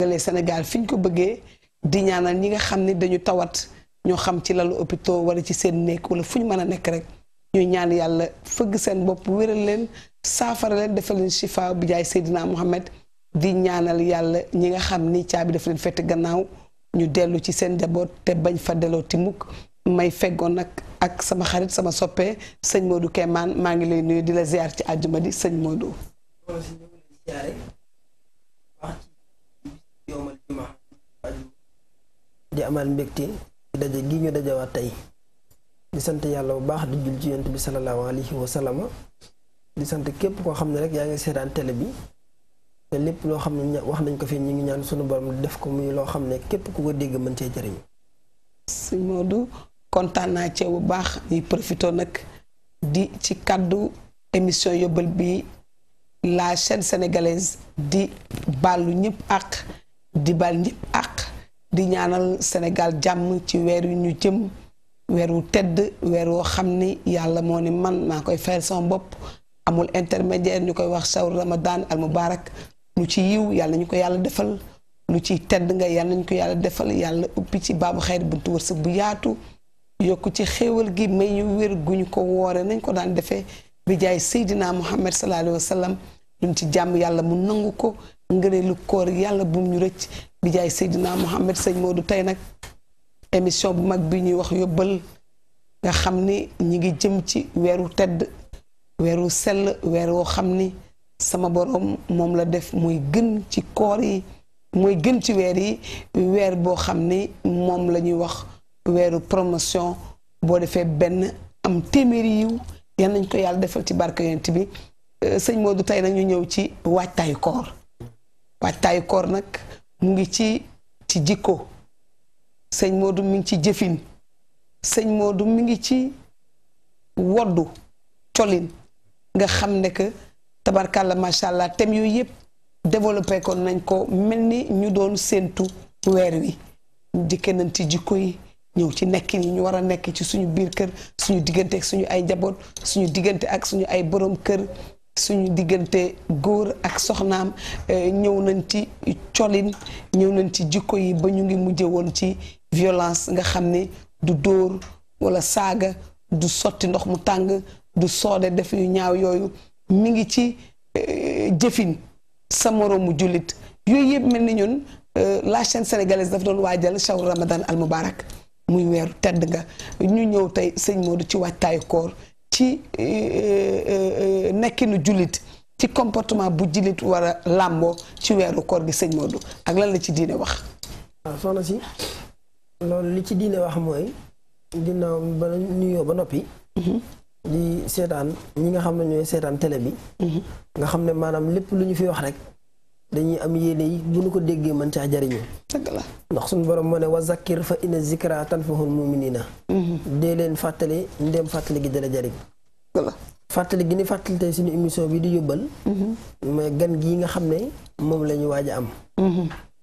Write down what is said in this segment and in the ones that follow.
galee Sénégal fi ñu ko bëggee di ñaanal ñi nga xam ni dañu tawat ñoo xam ci lalu hôpitaux wala ci seen nekk wala fu ñu mën a nekk rek ñuy ñaan yàlla fëgg seen bopp wéral leen saafara leen defal leen shifa bi jaay Seydina Mohamed di ñaanal yàlla ñi nga xam ni caabi dafa leen fett gannaaw ñu dellu ci seen njaboot te bañ fa delloo ti mukk may feggoon nag ak sama xarit sama soppee sëñ Modou Kéemaan maa ngi lay nuyu di la ziar ci àjjuma di sëñ Modou di amal mbégte ci daje gi ñu dajawaat tey di sant yàlla bu baax di jul ci yonent bi salallaahu alayhi wa di sant képp koo xam ne rek yaa ngi seetaan télé bi te lépp loo xam ne wax nañ ko fi ñu ngi ñaan sunu borom di def ko muy loo xam ne képp ku ko dégg mën cee jëriñ. si Modou kontaan naa ci bu baax ñuy profité nag di ci kàddu émission yóbbal bi la chaîne sénégalaise di baalu ñëpp àq di baal ñëpp àq di ñaanal Sénégal jàmm ci weer yu ñu jëm weer wu tedd weer woo xam ni yàlla moo ni man naa koy fayal sama bopp amul intermédiaire ñu koy wax sawr ramadan al mubarak lu ci yiw yàlla ñu ko yàlla defal lu ci tedd nga yàlla ñu ko yàlla defal yàlla uppi ci baabu xayr buntu wërsëg bu yaatu yokk ci xéewal gi may ñu wér gu ñu ko woore nañ ko daan defee bi jaay Seydina Muhammad sallallahu alayhi wa sallam ci jàmm yàlla mu nangu ko ngëneelu koor yàlla bum ñu rëcc bi jaay Seydina Mohamed sëñ Modou tey nag émission bu mag bi ñuy wax yóbbal nga xam ni ñu ngi jëm ci weeru tedd weeru sell weer woo xam ni sama boroom moom la def muy gën ci koor yi mooy gën ci weer yi weer boo xam ni moom la ñuy wax weeru promotion boo defee benn am téeméeri yiw yan nañ ko yàlla defal ci barke bi euh, sëñ Modou tey nag ñu ñëw ci waajtaayu koor waajtaayu koor nag mu ngi ci ci jikko sëñ Modou mi ngi ci jëfin sëñ Modou mi ngi ci woddu colin nga xam ne que tabarkàlla macha allah thème yooyu yëpp développé ko nañ ko mel ni ñu doon séentu weer wi dikke nañ ci jikko yi ñëw ci nekk yi ñu war a nekk ci suñu biir kër suñu diggante ak suñu ay njaboot suñu diggante ak suñu ay borom kër suñu diggante góor ak soxnaam eh, ñëw nañ ci colin ñëw nañ ci jikko yi ba ñu ngi mujje woon ci violence nga xam ni du dóor walla saaga du sotti ndox mu tàng du soode def yu ñaaw yooyu mi ngi ci eh, jëfin sa moroomu jullit yooyu yëpp mel ni ñun eh, la chaîne sénégalaise dafa doon waajal shawru ramadan al mubarak muy weer tedd nga ñu ñëw tey sëñ Modou ci waajtaayu koor ci euh, euh, euh, nekkinu jullit ci comportement bu jullit war làmboo ci weeru koor gi sëñ Modou ak lan la ci diine wax. waaw soxna si loolu li ci diine wax mooy ginnaaw ba nuyoo ba noppi. Mhm. di seetaan ñi nga xam ne ñooy seetaan télé bi. Mhm. nga xam ne maanaam lépp lu ñu fi wax rek. dañuy am yéene yi bu ñu ko déggee mën caa jariñu dëgg la ndax suñu borom moo ne wa zakir fa inna zikra tanfahul muminina dee leen fàttali ndem fàttali gi dala jariñ dëgg la fàttali gi ni fàttali tey suñu émission bi di yóbbal mais gan gii nga xam ne moom la ñu waaj a am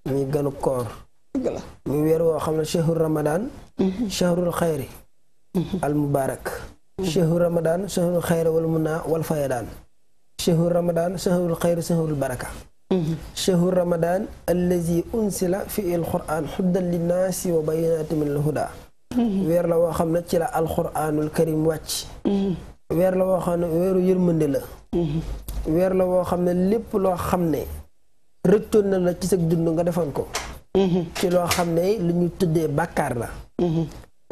muy ganu koor dëgg la muy weer woo xam ne chahru ramadan chahrul xayri al mubarak chahru ramadan chahrul xayri wal muna wal fayadaan chahru ramadan chahrul xayri chahrul baraka chahru ramadan allazi la fi al quran xuddan linnaasi wa bayinaati min al huda weer la woo xam ne ci la alquranul karim wàcc weer la woo xam ne weeru yërmande la weer la woo xam ne lépp loo xam ne rëccoon na la ci sa dund nga defoon ko ci loo xam ne lu ñu tuddee bàkkaar la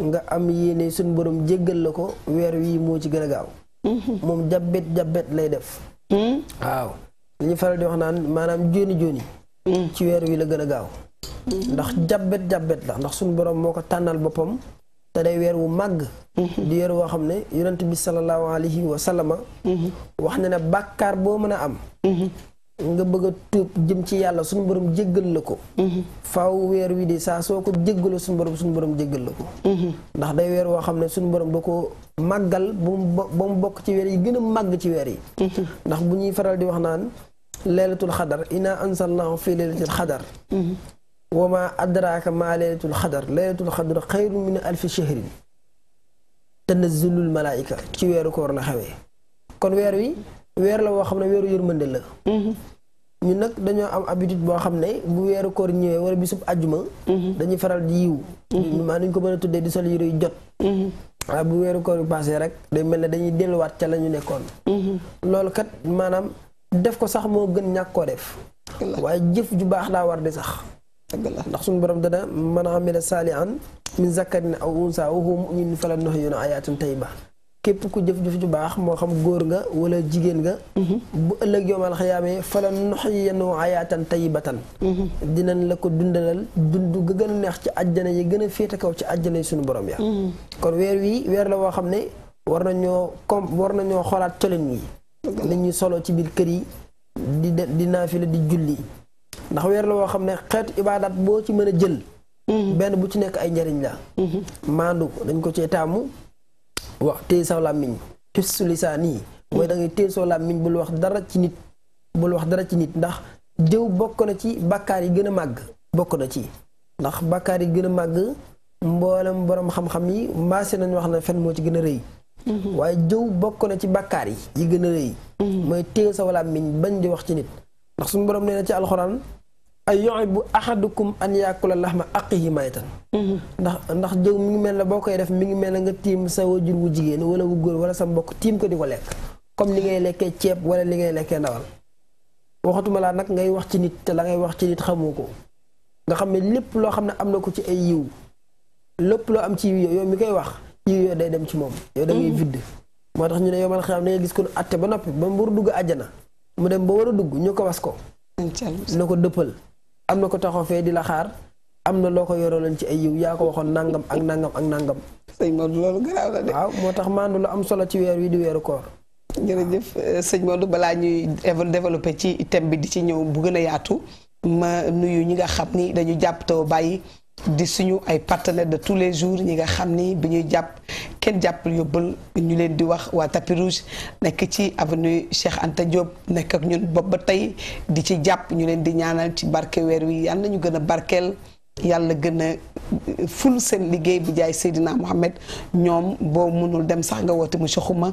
nga am yéene suñ borom jéggal la ko weer wi moo ci gën a moom jabet jabet lay def hmm? waaw dañuy faral di wax naan maanaam jóoni jóoni mm. ci weer wi la gën a gaaw mm. ndax jàbbet jàbbet la ndax suñu boroom moo ko tànnal boppam te day weer wu màgg mm-hmm. di weer woo xam ne yonent bi sallallahu alayhi wa sallama mm-hmm. wax na ne bàkkaar boo mën a am mm-hmm. nga bëgg a tuub jëm ci yàlla suñu borom jéggal la ko mhm. faaw weer wi di saa soo ko jéggaloo suñu borom suñu borom jéggal la ko mhm. ndax day weer woo xam ne suñu borom da ko màggal ba mu ba mu bokk ci weer yi gëna a màgg ci weer yi mhm. ndax bu ñuy faral di wax naan laylatul xadar inaa ansalnaahu fi laylatil xadar wa ma adraaka maa laylatul xadar laylatul xadar xayrun min alfi shahrin tanazzulul malaayika ci weeru koor la xewee kon weer wi weer la woo xam ne weeru yërmande la. Mhm. ñu nag dañoo am habitude boo xam ne bu weeru koor ñëwee wala bisub àjjuma. Mhm. dañuy faral di yiw. maa mhm. nuñ ko mën a tuddee di sol yére yu jot. bu weeru koor yu paasee rek day mel ne dañuy delluwaat ca la ñu nekkoon. loolu kat maanaam def ko sax moo gën ñàkk koo def. waaye jëf ju baax laa war di sax. ndax suñu borom dana man amila saalihan min zakarin aw unsa wa huwa mu'minun falanahyu ayatun ba képp ku jëf-jëf ju baax moo xam góor nga wala jigéen nga mhm. bu ëllëg yowmal xiyaamee fala nuhyiyannahum hayaatan tayyibatan mhm. dinañ la ko dundalal dund ga gën a neex ci àjjana yi gën a féete kaw ci àjjana yi suñu borom ya mhm. kon weer wi weer la woo xam ne war na ñoo comme war na ñoo xoolaat colin yi li ñuy solo ci biir kër yi di di naafila di julli ndax weer la woo xam ne xeetu ibaadaat boo ci mën a jël benn bu ci nekk ay njariñ la maandu dañ ko cee taamu wax téye saw làmmiñ xifsu lisaani mooy da ngay téye saw làmmiñ bul wax dara ci nit bul wax dara ci nit ndax jëw bokk na ci bakkaar yi gën a màgg bokk na ci ndax bàkkaar gën a màgg mboolem borom xam-xam yi mbaase nañ wax na fen moo ci gën a rëy mm-hmm. waaye jëw bokk na ci bàkkaar yi yi gën a rëy mm-hmm. mooy téye saw làmmiñ bañ di wax ci nit ndax suñu borom nee na ci alxuraan ay bu yuhibbu ahadukum an yaakula lahma aqihi maytan mhm. ndax ndax jëw mi ngi mel ne boo koy def mi ngi mel na nga tiim sa wajur wu jigéen wala wu góor wala sa mbokk tiim ko di ko lekk comme li ngay lekkee ceeb wala li ngay lekkee ndawal waxatuma laa nag ngay wax ci nit te la ngay wax ci nit xamoo ko nga xam ne lépp loo xam ne am na ko ci ay yiw lépp loo am ci yiw yow mi koy wax yiw yooyu day dem ci moom yow da ngay mhm. vidd moo tax ñu ne yow man xam da ngay gis ko atte ba noppi ba mbur dugg àjjana mu dem ba war a dugg ñu ko was ko na ko dëppal am na ko taxaw fee di la xaar am na loo ko yoroo yoroon ci ay yiw yaa ko waxoon nangam ak nangam ak nangam. sëñ Modou loolu garaaw la de. waaw moo tax maandu lu am solo ci weer wi di weeru koor. jërëjëf euh, sëñ Modou balaa ñuy développé ci thème bi di ci ñëw bu gën a yaatu ma nuyu ñi nga xam ni dañu jàpp te bàyyi. di suñu ay partenaires de tous les jours ñi nga xam ni bi ñuy jàpp kenn jàppal yóbbal ñu leen di wax waa tapis rouge nekk ci avenue Cheikh Anta Diop nekk ak ñun bopp ba tey di ci jàpp ñu leen di ñaanal ci barke weer wi yal ñu gën a barkeel yàlla gën a ful seen liggéey bi jaay Seydina Mohamed ñoom boo mënul dem sax nga woote monsieur Xuma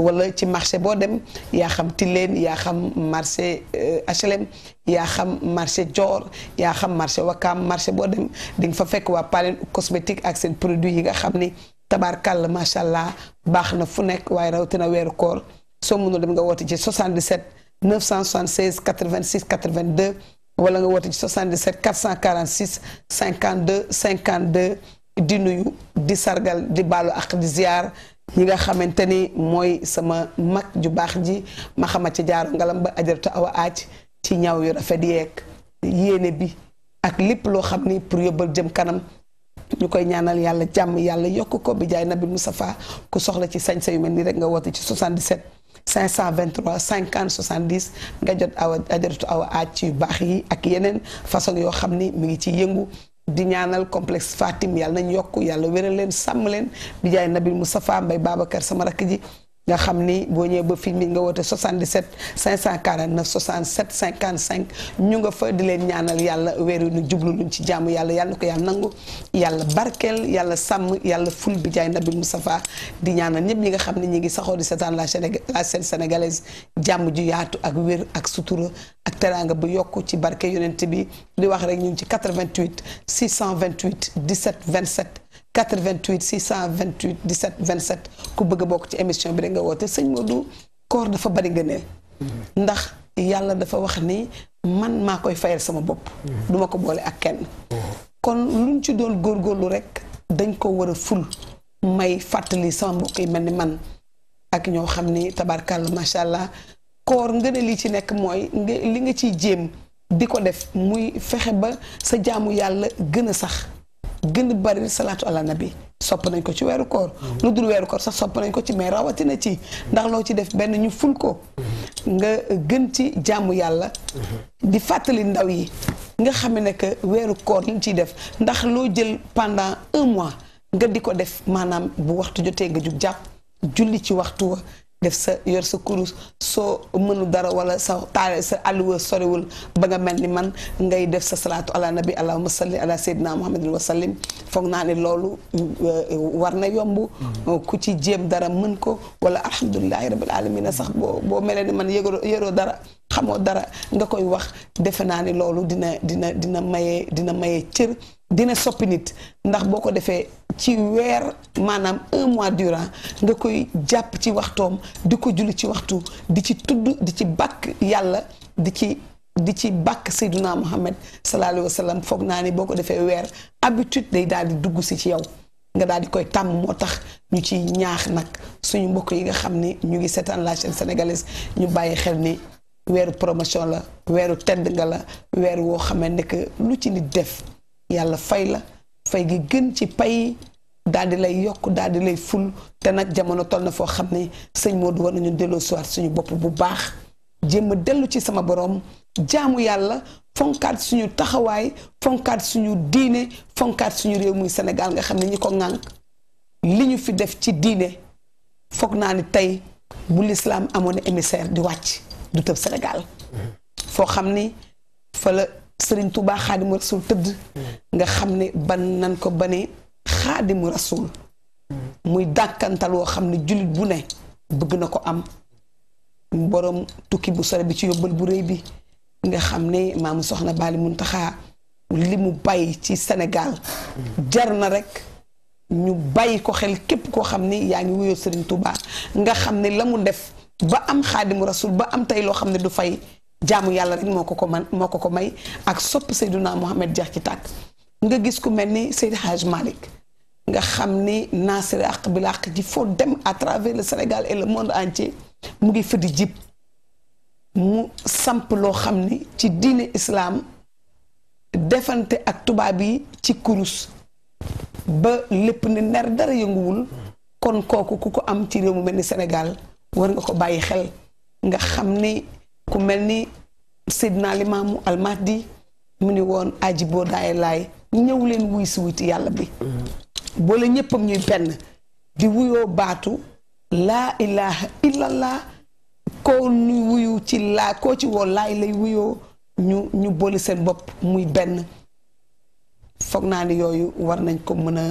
wala ci marché boo dem yaa xam Tilène yaa xam marché HLM euh, H&M, yaa xam marché Dior yaa xam marché Wakam marché boo dem di nga fa fekk waa Palen cosmétique ak seen produit yi nga xam ni tabaarkàlla macha allah baax na fu nekk waaye rawatina weeru koor soo mënul dem nga woote ci 77 976 86 82 wala nga woote ci 77 446 52 52 di nuyu di sargal di baalu ak di ziar. ñi nga xamante ni mooy sama mag ju baax ji ma xama ci jaaru ngalam ba ajaratu awa aj ci ñaw yu rafet yeeg yéene bi ak lépp loo xam ni pour yóbbal jëm kanam ñu koy ñaanal yàlla jàmm yàlla yokk ko bi jaay nabi Moustapha ku soxla ci sañse yu mel nii rek nga woote ci 77 523 50 70 nga jot awa ajaratu awa aj ci yu baax yi ak yeneen façon yoo xam ni mu ngi ci yëngu di ñaanal complexe Fatim yàlla nañ yokk yàlla wéral leen sàmm leen di jaay nabil Moustapha Mbaye Babacar sama rakk ji nga xam ni boo ñëwee ba fii nga woote 77 549 67 55 ñu nga fa di leen ñaanal yàlla weer yu nu jublu luñ ci jàmm yàlla yàlla ko yàlla nangu yàlla barkeel yàlla sàmm yàlla ful bi jaay nabi Moustapha di ñaanal ñëpp ñi nga xam ne ñi ngi saxoo di seetaan la chaîne sénégalaise jàmm ju yaatu ak wér ak sutura ak teraanga bu yokk ci barke yonent bi di wax rek ñu ngi ci 88 628 17 27 88 628 17 27 ku bëgg bokk ci émission bi da woote sëñ Modou koor dafa bari nga ndax yàlla dafa wax ni man maa koy fayal sama bopp mhm. duma ko boole ak kenn kon luñ ci doon góorgóorlu rek dañ ko war a ful may fàttali sama mbokk mel ni man ak ñoo xam ni tabarkàlla macha allah koor nga ne li ci nekk mooy nga li nga ciy jéem di ko def muy fexe ba sa jaamu yàlla gën a sax gën bari salaatu ala bi sopp nañ ko ci weeru koor lu dul weeru koor sax sopp nañ ko ci mais rawatina ci ndax loo ci def benn ñu ful ko nga gën ci jàmm yàlla di fàttali ndaw yi nga xam ne que weeru koor liñ ciy def ndax loo jël pendant un mois nga di ko def maanaam bu waxtu jotee nga jug jàpp julli ci waxtu wa def sa yor sa kurus soo mënu dara wala sa taale sa àll alluwa sorewul ba nga mel ni man ngay def sa salaatu ala nabi allahumma salli ala sayyidina muhammadin wa sallim foog naa ne loolu euh, war na yomb mm-hmm. ku ci jéem dara mën ko wala alhamdulilahi rabbil alamina sax boo boo melee ni man yëgoo yëroo dara xamoo dara nga koy wax defe naa ni loolu dina dina dina maye dina maye cër dina soppi nit ndax boo ko defee ci weer maanaam un mois durant nga koy jàpp ci waxtoom di ko julli ci waxtu di ci tudd di ci bàkk yàlla di ci di ci bàkk Seyduna Muhammad sallallahu alayhi wa sallam foog naa ni boo ko defee weer habitude day daal di dugg si ci yow nga daal di koy tàmm moo tax ñu ci ñaax nag suñu mbokk yi nga xam ni ñu ngi seetaan la chaîne ñu bàyyi xel ni weeru promotion la weeru tedd nga la weer woo xamee ne lu ci nit def yàlla fay la fay gi gën ci pay daal di lay yokk daal di lay ful te nag jamono toll na foo xam ne sëñ Modou war nañu delloo siwaat suñu bopp bu baax jéem a dellu ci sama boroom jaamu yàlla fonkaat suñu taxawaay fonkaat suñu diine fonkaat suñu réew muy Sénégal nga xam ne ñi ko ŋànk li ñu fi def ci diine foog naa ni tey bu lislaam amoon émissaire di wàcc du tëb Sénégal mm-hmm. foo xam ni fa la sëriñ Tuubaa xaadimu rasul tëdd nga xam ne ba nan ko ba ne xaadimu rasul muy dàkkantal woo xam ne jullit bu ne bëgg na ko am boroom tukki bu sore bi ci yóbbal bu rëy bi nga xam ne maamu soxna Baali Muntaxa li mu bàyyi ci senegal jar na rek ñu bàyyi ko xel képp koo xam ne yaa ngi wuyoo sëriñ Tuubaa nga xam ne la mu def ba am xaadimu rasul ba am tey loo xam ne du fay Jamu yalla rek moko ko man moko ko may ak sopp Seydina muhammad jeex ci tak nga gis ku melni ni haj malik nga xamni nasir naasiri àq ji dem à travers le Sénégal et le monde entier mu ngi fëdi jib mu samp lo xamni ci diine islam defante ak tuba bi ci kurus ba lepp ni ner dara yënguwul kon koku kuko am ci mu mel Sénégal war nga ko bàyyi xel nga xamni ku mel ni Seydina Limaamu Almahdi mu ni woon aji boo ñëw leen wuy si ci yàlla bi mm-hmm. boole ñéppam ñuy benn di wuyoo baatu laa ilaha illallah koo ci laa laay lay wuyoo ñu ñu boole seen bopp muy benn foog naa ni yooyu war nañ ko mën a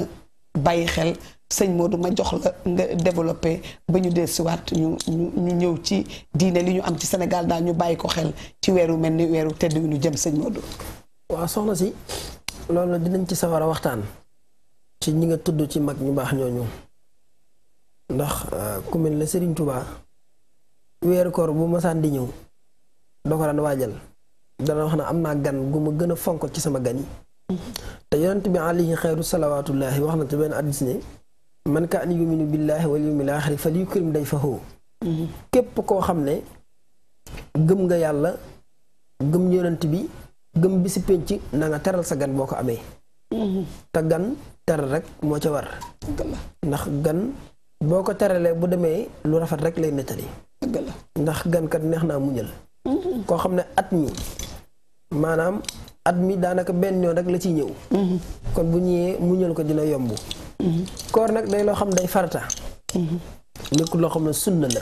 bàyyi xel sëñ Modou ma jox la nga développé ba ñu dellusiwaat siwaat ñu ñëw ci diine li ñu am ci Sénégal daal ñu bàyyi ko xel ci weeru mel ni weeru tedd wi nu jëm sëñ Modou. waaw soxna si loolu dinañ ci sawar a waxtaan. ci ñi nga tudd ci mag ñu baax ñëw ndax euh, ku mel ne Serigne Touba. weeru koor bu masaan di ñëw. doo ko daan waajal. dana wax na am naa gan gu ma gën a fonk ci sama gan yi. Mm-hmm. te yonent bi alayhi xayru salawaatullaahi wax na ci benn hadiis ne man kaa kaana yuminu billaahi wal yawmil aaxiri falyukrim dayfahu képp koo xam ne gëm nga yàlla gëm yonent bi gëm bi si pénc na nga teral sa gan boo ko amee te gan teral rek moo ca war ndax gan boo ko teralee bu demee lu rafet rek lay nettali ndax gan neex naa muñal mm-hmm. koo xam ne at mi maanaam at mi daanaka benn yoon rek la ciy ñëw. Mhm. kon bu ñëwee mu ñël ko dina yomb. Mhm. koor nag day loo xam day farata. Mhm. nekkul loo xam ne sunna la.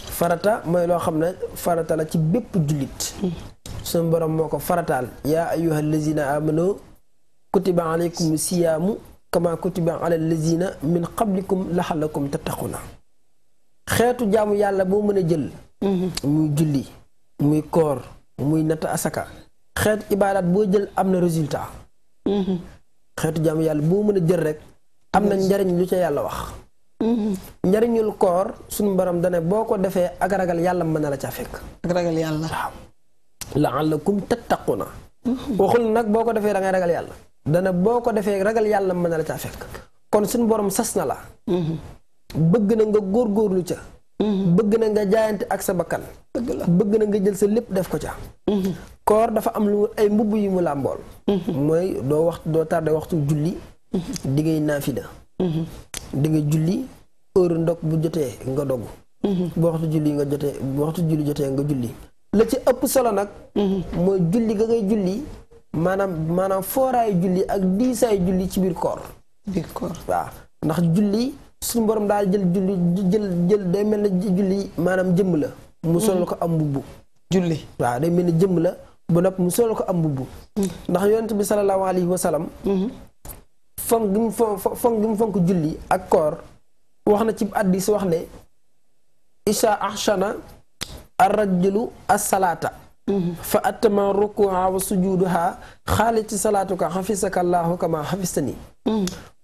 farata mooy loo xam ne farata la ci bépp jullit. suñu borom moo ko farataal. yaa ayyuha allazina amanu kutiba alaykum siyaamu kama kutiba ala allazina min qablikum laxalakum na xeetu jaamu yàlla boo mën a jël. muy julli muy koor. muy natt asaka xeet ibaadaat boo jël am na résultat mm-hmm. xeetu jaamu yàlla boo mën a jël rek am na njariñ lu ca yàlla wax mm-hmm. njariñul koor suñu borom dane boo ko defee ak ragal yàlla mën na la caa fekk ak ragal yàlla waaw la'allakum tattaquna mm-hmm. waxul nag boo ko defee da ragal yàlla dana boo ko defee ragal yàlla mën na la caa fekk kon suñu borom sas na la bëgg na nga góorgóorlu ca Mm-hmm. bëgg na nga jaayante ak sa bakkan bëgg na nga jël sa lépp def ko ca mm-hmm. koor dafa am lu ay mbubb yi mu mbool mm-hmm. mooy doo wax doo tardé waxtu julli di ngay naafida di nga julli heure ndog bu jotee nga dogg bu waxtu julli nga jotee bu waxtu julli jotee nga julli la ci ëpp solo nag mooy julli ga ngay julli maanaam maanaam fooraayu julli ak diisaayu julli ci biir koor biir koor waaw ndax julli suñu borom daal jël julli jël day mel ne julli maanaam jëmm la. mu mm-hmm. solal ko am mbubb julli waaw day mel ne jëmm la ba nopp mu solal ko am mbubb mm-hmm. ndax yonent bi salallaahu alayhi wa salaam. Mm-hmm. fonk gi mu fonk gi mu fonk ci hadiis wax ne isha ahshana arrajulu asalaata fa attama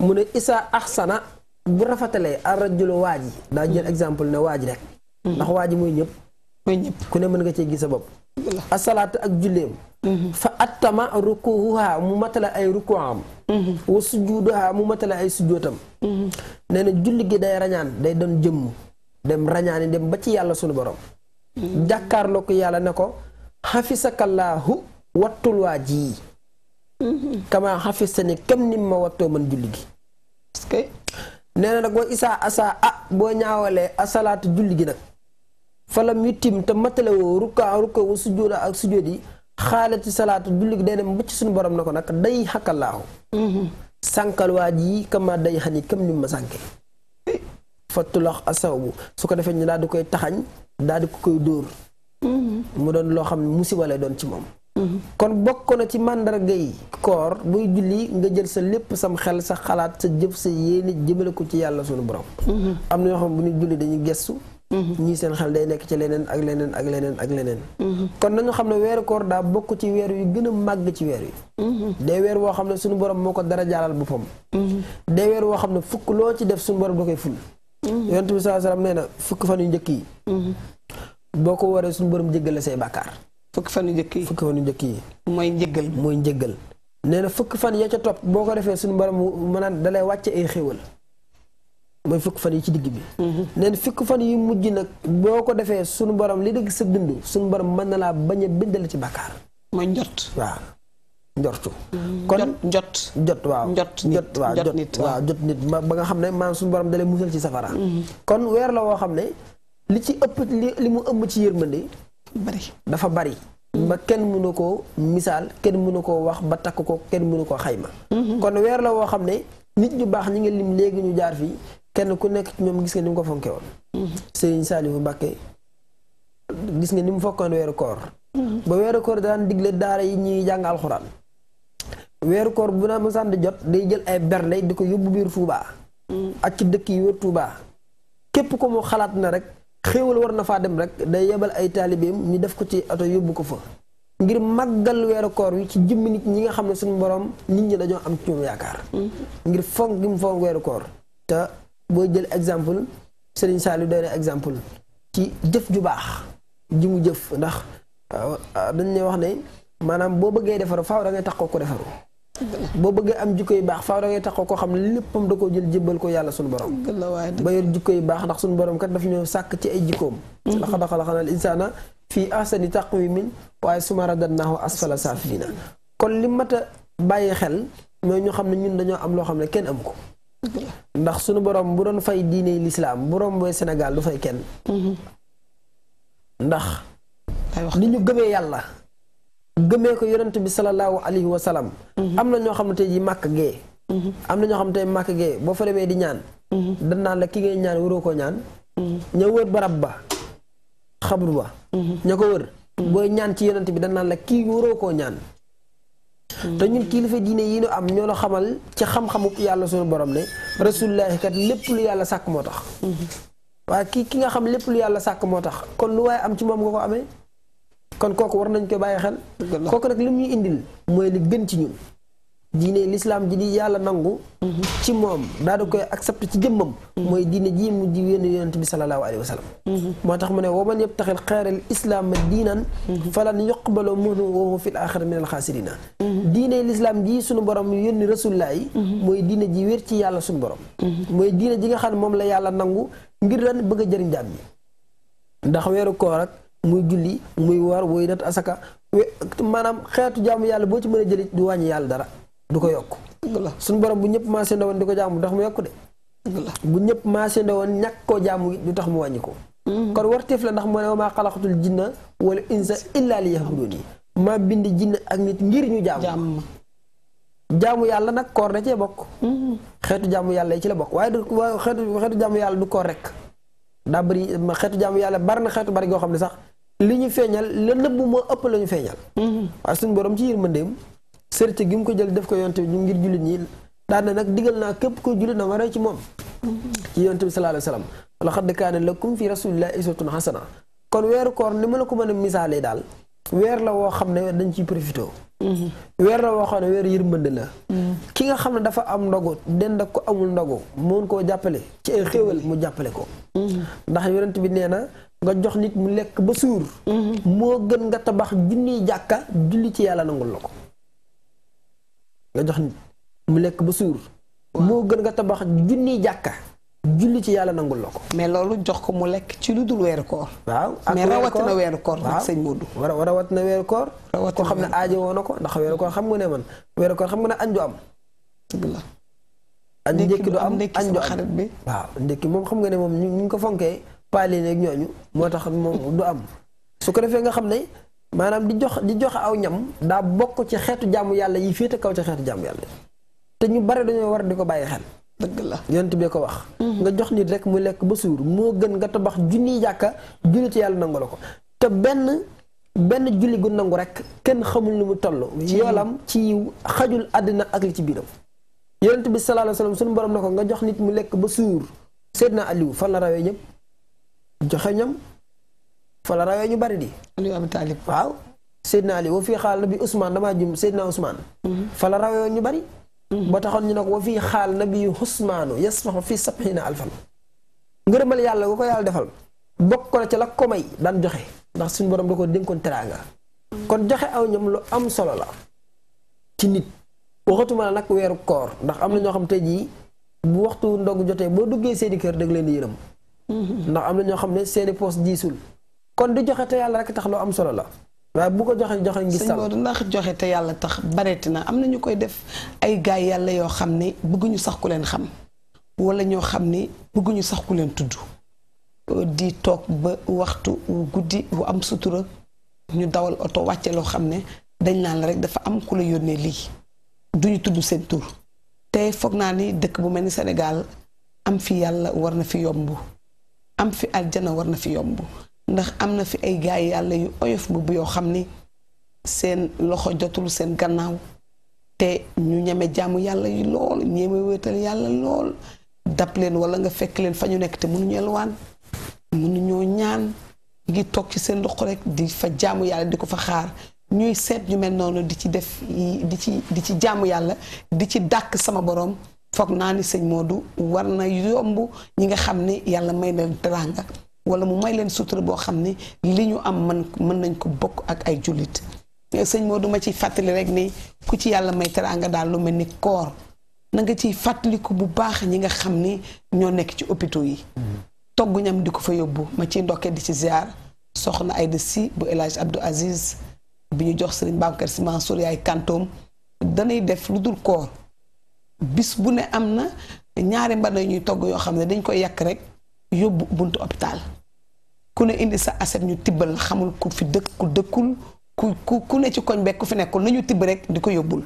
mu ne isa ahsana bu rafetalee arrajulu waa ji daa jël exemple ne waaj rek mm-hmm. ndax waa mooy muy ñëpp ku ne mën nga cee gis sa bopp asalaatu ak julleem mm-hmm. fa attama rukuuha mu matale ay rukuuam mm-hmm. wa sujuuduha mu matale ay sujootam nee julli gi day rañaan day doon jëmm dem rañaani dem ba ci yàlla sunu borom jàkkaarloo ko yàlla ne ko xafisakallaahu wattul waa ji yi kamaa xafisani kam nim ma wattoo man julli gi nee na nag wa isaa asa ah boo ñaawalee salaatu julli gi nag falam yittim te matalewoo rukkaa rukka wa sujjóoda ak sujjóot yi xaalati salaatu julli gi day dem ba ci suñu borom na ko nag day xakkalaahu mm-hmm. sànkal waa ji kama day xani kam ni ma sànke fattulax asawbu su ko defee ñu daal di koy taxañ daal di koy dóor mm-hmm. mu doon loo xam ne musiba lay doon ci moom kon bokk na ci màndarga yi koor buy julli nga jël sa lépp sam xel sa xalaat sa jëf sa yéene jëmale ko ci yàlla sunu borom mm-hmm. am na ñoo xam bu ñu julli dañuy gestu mm-hmm. ñii seen xel day nekk ci leneen ak leneen ak leneen ak leneen mm-hmm. kon nañu xam ne weeru koor daa bokk ci weer yu gën a màgg ci weer yi day weer woo xam ne sunu borom moo ko dara jaalal boppam day weer woo xam ne fukk loo ci def sunu borom da koy ful yonent bi sallallahu alayhi wasallam nee na fukk fan yu njëkk yi boo ko waree fukki fan yu njëkk yi fukki fan yu njëkk yi. mooy njëggal mooy njëggal. nee na fukki fan ya ca topp boo ko defee suñu borom maanaam dalay wàcce ay xéwal mooy fukki fan yi ci digg bi. Mhm. nee na fukki fan yu mujj nag boo ko defee suñu borom li dëgg sa dund suñu borom mën na laa bañ a bindal ci bàkkaar. mooy mm-hmm. njot waaw njortu. kon njot njot waaw njot njot waaw njot nit waaw njot nit ba nga xam ne maanaam suñu borom dalay musal ci safara. Mm-hmm. kon weer la woo xam ne li ci ëpp li mu ëmb ci yërmande. bari dafa bari ba ken munuko misal ken munuko wax ba takko ken munuko xayma mhm. kon wer la wo xamne ne nit ñu bax ñi ngi lim legi ñu jaar fi ken ku nekk ñom gis nga nim ko fonké won mhm. Serigne Saliou Mbacké gis nga nim fokkon wer koor mhm. ba wer koor daan digle daara yi ñi jang alcorane wer koor bu na mu sand jot day jël ay berlay diko ko bir Touba. ak ci dekk yi wër Touba kep ko mo xalat na rek xéewal war na faa dem rek day yebal ay taalibeem ñu def ko ci ato yóbbu ko fa ngir màggal weeru koor wi ci jëmmi nit ñi nga xam ne suñu boroom nit ñi dañoo am ci ñoom yaakaar mm-hmm. ngir fonk gi mu fonk weeru koor te boo jël exemple Serigne Saliou doy na exemple ci jëf ju baax ji mu jëf ndax euh, dañ ne wax ne maanaam boo bëggee defaru faaw da tax ko ko defaru boo bëggee am jikko yu baax faaw da tax taxaw koo xam ne léppam da koo jël jébbal ko yàlla suñu borom ba yor jikko yu baax ndax suñu borom kat daf ñëw sàkk ci ay jikkoom laqad mhm. xalaqnal insaana fii ahsani taqwiimin waaye summa radadnaahu asfala saafiliina kon li mat a bàyyi xel mooy ñu xam ne ñun dañoo am loo xam ne kenn am ko ndax suñu borom bu doon fay diine lislaam bu rombee Sénégal du fay kenn mhm. ndax ni ñu gëmee yàlla gëmee ko yonent bi salallaahu alayhi wa salaam. Mhm. am na ñoo xam ne tey jii màkk gee. Mhm. am na ñoo xam ne màkk gee boo fa demee di ñaan. Mhm. dañ naan la ki ngay ñaan waroo koo ñaan. ña wër barab ba xabru ba. ña ko wër. booy ñaan ci yonent bi dañ naan la kii waroo koo ñaan. te ñun kilifa diine yi ñu am ñoo la xamal ci xam-xamu yàlla suñu borom ne rasulillahi kat lépp lu yàlla sàkk moo tax. ki nga xam lépp lu yàlla sàkk moo tax kon lu waaye am ci moom nga ko amee. kon koku war nañ ko baye xel koku nak limuy indil moy li gën ci ñun diine l'islam ji di yalla nangu ci mom da di koy accepter ci jëmmam moy diine ji mu di wenn yonente bi sallallahu alayhi wa sallam mu ne waman yabtaxil xeeral islam diinan falan yuqbalu minhu wa huwa fil akhir min al khasirin diine l'islam ji sunu borom yónni rasulullah yi diine ji wër ci yalla sunu borom moy diine ji nga xam mom la yalla nangu ngir lan bëgg a jëriñ ndax wëru ko rek muy julli muy war woy nat asaka maanaam xeetu jaamu yàlla boo ci mën a jëli du wàññi yàlla dara du ko yokk suñu borom bu ñëpp maasee ndawoon di ko jaamu du mu yokk de bu ñëpp maasee ndawoon ñàkk koo jaamu du tax mu wàññi ko mm-hmm. kon warteef la ndax moo ne wa jinna wala insa illa li yahbuduuni maa ak nit ngir ñu jaamu jaamu yàlla nag koor da bokk mm-hmm. xeetu jaamu yàlla yi ci la bokk waaye du xeetu xeetu jaamu yàlla du koor rek daa bëri xeetu jaamu yàlla bari na xeetu bari goo xam ne sax li ñu feeñal la nëbb moo ëpp la ñu feeñal mm-hmm. waaye suñu borom ci yërmandeem sërte gi mu ko jël def ko yonte bi ñu ngir jullit ñi daan na nag digal naa képp ko jullit na waree ci moom mm-hmm. ci yonte bi sallallahu alayhi wasallam laqad kaana lakum fi rasulillahi uswatun hasana kon weeru koor ni ma la ko mën a misaalee daal weer la woo xam ne dañ ciy profité mm-hmm. weer la woo xam ne weer yërmande la ki nga xam ne dafa am ndogu den da ko amul ndogu mun koo jàppale ci ay xéewal mu jàppale ko ndax yonent bi nee na nga jox nit mu lekk ba suur mm-hmm. moo gën nga tabax junniy jàkka julli ci yàlla nangul la ko nga jox mu lekk ba suur moo gën nga tabax junniy jàkka julli ci yàlla nangul ko mais loolu jox ko mu lekk ci lu dul weeru koor waaw mais rawatina weeru koor nag sëñ Modou waaw rawatina weeru koor koo xam ne aajo woon na ko ndax weeru koor xam nga ne man weeru koor xam nga ne añ du am añ njëkki am añ du am ndékki moom xam nga ne moom ñu ngi ko fonkee paali nek ñooñu motax tax du am su ko defé nga xamné manam di jox di jox aw ñam da bokku ci xeetu jamm yalla yi fété kaw ci xeetu jamm yalla té ñu bari dañoo war diko ko bàyyi xel dëgg la yonent bi ko wax mhm. nga jox nit rek mu lek ba sour mo gën nga tabax junniy jaaka junniti yàlla nangu la ko té benn benn julli gu nangul rek kenn xamul ni mu tollu yolam ci xajul àddina ak li ci biiram yonent bi sallallahu alayhi wasallam sun borom nako nga jox nit mu lek ba sour Seydina Aliou fan la rawee ñep joxe ñam fa la rawee ñu bari di. Ali Abi Talib waaw. Seydina Ali wa fii xaal bi Ousmane damaa jum Seydina Ousmane. Mm-hmm. fa la rawee ñu bari. Mm-hmm. ba taxoon ñu nag wa fii xaal nabi Ousmaanu yasmaxu fii sabxiina alfan. ngërëmal yàlla nga ko yàlla defal. bokk na ci la ko may daan joxe ndax suñu borom da ko dénkoon teraanga. Mm-hmm. kon joxe aw ñam lu am solo la. ci nit waxatuma la nag weeru koor ndax am na ñoo xam tey jii bu waxtu ndog jotee boo duggee seeni kër dëgg leen ndax am na ñoo xam ne seeni poos diisul kon di joxe te yàlla rekk tax loo am solo la waaye bu ko joxe joxe ngir sal Modou ndax joxe te yàlla tax bareeti na am na ñu koy def ay gaay yàlla yoo xam ne bëgguñu sax ku leen xam wala ñoo xam ni bëgguñu sax ku leen tudd di toog ba waxtu wu guddi wu am sutura ñu dawal oto wàcce loo xam ne dañ naan la rek dafa am ku la yónnee lii duñu tudd seen tur te foog naa ni dëkk bu mel ni senegal am fi yàlla war na fi yomb am fi aljana war na fi yomb ndax am na fi ay gaay yàlla yu oyof bu yoo xam ni seen loxo jotul seen gannaaw te ñu ñeme jaamu yàlla yi lool ñeme wéetal yàlla lool dab leen wala nga fekk leen fa ñu nekk te mënuñu elwaan mënuñoo ñaan ngi toog ci seen loxo rek di fa jaamu yàlla di ko fa xaar ñuy seet ñu mel noonu di ci def di ci di ci jaamu yàlla di ci dàkk sama borom foog naa ni sëñ Modou war na yomb ñi nga xam ni yàlla may leen teraanga wala mu may leen sutura boo xam ni li ñu am man mën nañ ko bokk ak ay jullit eh, sëñ Modou ma ciy fàttali rek ni ku ci yàlla may teraanga daal lu mel ni koor na nga ciy fàttaliku bu baax ñi nga xam ni ñoo nekk ci hôpitaux yi togg ñam di ko fa yóbbu ma ci ndokkee di ci ziar soxna Aïda Sy bu El Hadj Abdou Aziz bi ñu jox Serigne Babacar Sy Mansour yaay kantoom danay def lu dul koor bis bu ne am na ñaari yu ñuy togg yoo xam ne dañ koy yàq rek yóbbu buntu hôpital ku ne indi sa aset ñu tibbal xamul ku fi dëkk dëkkul ku ku ku ne ci koñ beeg ku fi nekkul nañu tibb rek di ko yóbbul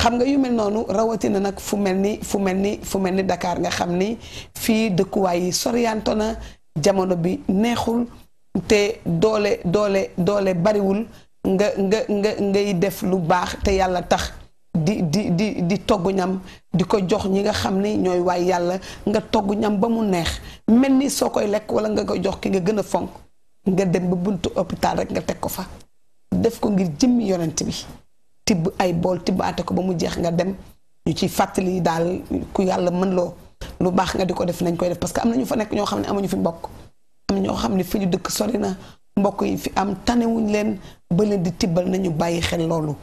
xam nga yu mel noonu rawatina nag fu mel ni fu mel ni fu mel ni Dakar nga xam ni fii dëkkuwaay yi soriyanto na jamono bi neexul te doole doole doole bariwul nga nga nga ngay def lu baax te yàlla tax di di di di togg ñam di ko jox ñi nga xam ni ñooy waay yàlla nga togg ñam ba mu neex mel ni soo koy lekk wala nga ko jox ki nga gën a fonk nga dem ba buntu hôpital rek nga teg ko fa def ko ngir jëmmi yonent bi tibb ay bool ate ko ba mu jeex nga dem ñu ci fàttali daal ku yàlla mën loo lu baax nga di ko def nañ koy def parce que am na ñu fa nekk ñoo xam ne amuñu fi mbokk am ñoo xam ne fi ñu dëkk sori na mbokk yi fi am tanewuñ leen ba leen di tibbal nañu bàyyi xel loolu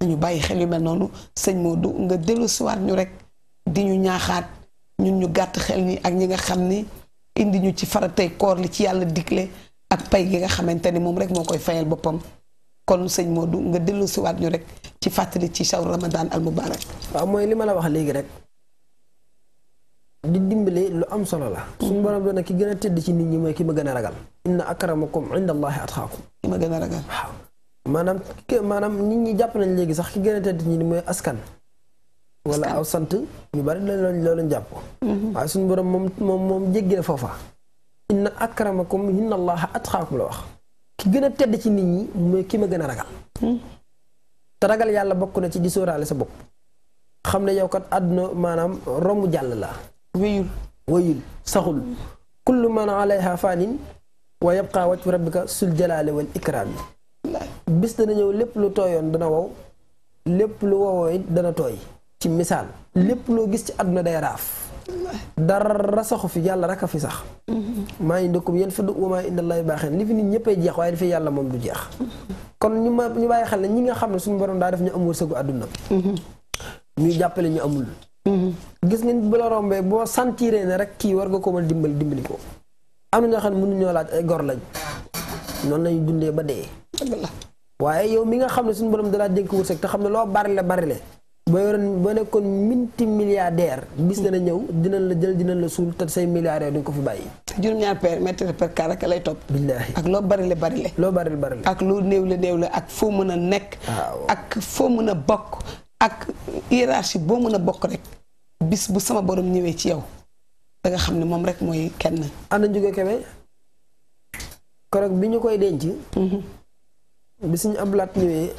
nañu bàyyi xel yu mel noonu sëñ moo du nga dellusiwaat ñu rek di ñu ñaaxaat ñun ñu gàtt xel ni ak ñi nga xam ni indi ñu ci faratay koor li ci yàlla digle ak pay gi nga xamante ni moom rek moo koy fayal boppam kon sëñ moo du nga dellusiwaat ñu rek ci fàttali ci shawru Ramadan al mubarak waaw mooy li ma la wax léegi rek. di dimbale lu am solo la. suñu mm-hmm. borom doon na ki gën a tedd ci nit ñi mooy ki ma gën a ragal. inna akramakum inda allahi atqaakum. ki ma gën a maanaam maanaam nit ñi jàpp nañ léegi sax ki gën a tedd ñi ni mooy askan wala aw sant ñu bari loolu loolu jàpp waaye suñu borom moom moom moom jéggi na foofa inna akramakum inna allaha atqaakum la wax ki gën a tedd ci nit ñi mooy ki ma gën a ragal te ragal yàlla bokk na ci di sóoraale sa bopp xam ne yow kat àdduna maanaam romb jàll la wéyul wéyul saxul kullu man alayha fanin wa yabqa wajhu rabbika sul jalaali wal ikraam yi bis dana ñëw lépp lu tooyoon dana wow lépp lu wowoo it dana tooy ci misaal lépp loo gis ci àdduna day raaf dara saxu fi yàlla rek fi sax maa indakum yanfadu wa maa inda llaahi baaxin li fi nit ñëppay jeex waaye dafay yàlla moom du jeex kon ñu ma ñu bàyyi xel ne ñi nga xam ne suñu borom daa def ñu am wërsëgu àdduna ñuy jàppale ñu amul gis nga nit bu rombee boo sentiree ne rek kii war nga ko mën dimbali dimbali ko am na ñoo xam ne mënuñoo laaj ay gor lañ noonu lañu dundee ba dee waaye yow mi nga xam ne suñu borom dalaa dénk wërsëg te xam ne loo barile barile ba yoroon ba nekkoon minti milliardaire bis dana ñëw dinañ la jël dinañ la suul te say milliardaire duñ ko fi bàyyi juróom-ñaar per mètre per car lay topp billaahi ak loo barile barile loo barile barile ak loo néew la néew la ak foo mën a nekk ak foo mën a bokk ak hiérarchie boo mën a bokk rek bis bu sama borom ñëwee ci yow da nga xam ne moom rek mooy kenn na jóge kebe korog bi ñu koy denc mhm. bi suñu abdulaat ñëwee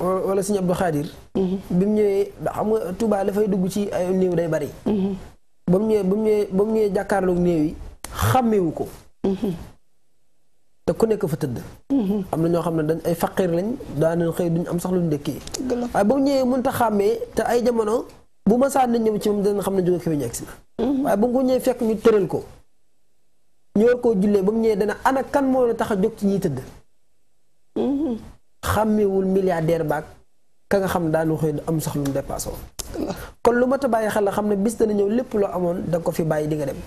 wala suñu abdou xaadir mm-hmm. bi mu ñëwee xam nga dafay dugg ci ay néew day bari mm-hmm. ba mu ñëwee ba mu ñëwee ba mu ñëwee jàkkaarloog néew yi xàmmewu ko mm-hmm. te ku nekk fa tëdd am na ñoo xam ne dañ ay faqiir lañ daana xëy duñ am sax luñ dëkkee waaye ba mu ñëwee mënut a xàmmee ay jamono bu ma saan na ñëw ci moom danañ xam ne jóge Kébémer egsi ba mu ñëwee fekk ñu tëral ko ñu koo jullee ba mu ñëwee dana ana kan moo la tax a jóg ci ñiy tëdd xàmmewul milliardaire baag ka nga xam daanu xëy am sax lu mu dépassé kon lu mat a bàyyi xel la xam ne bis na ñëw lépp loo amoon da ko fi bàyyi di nga dem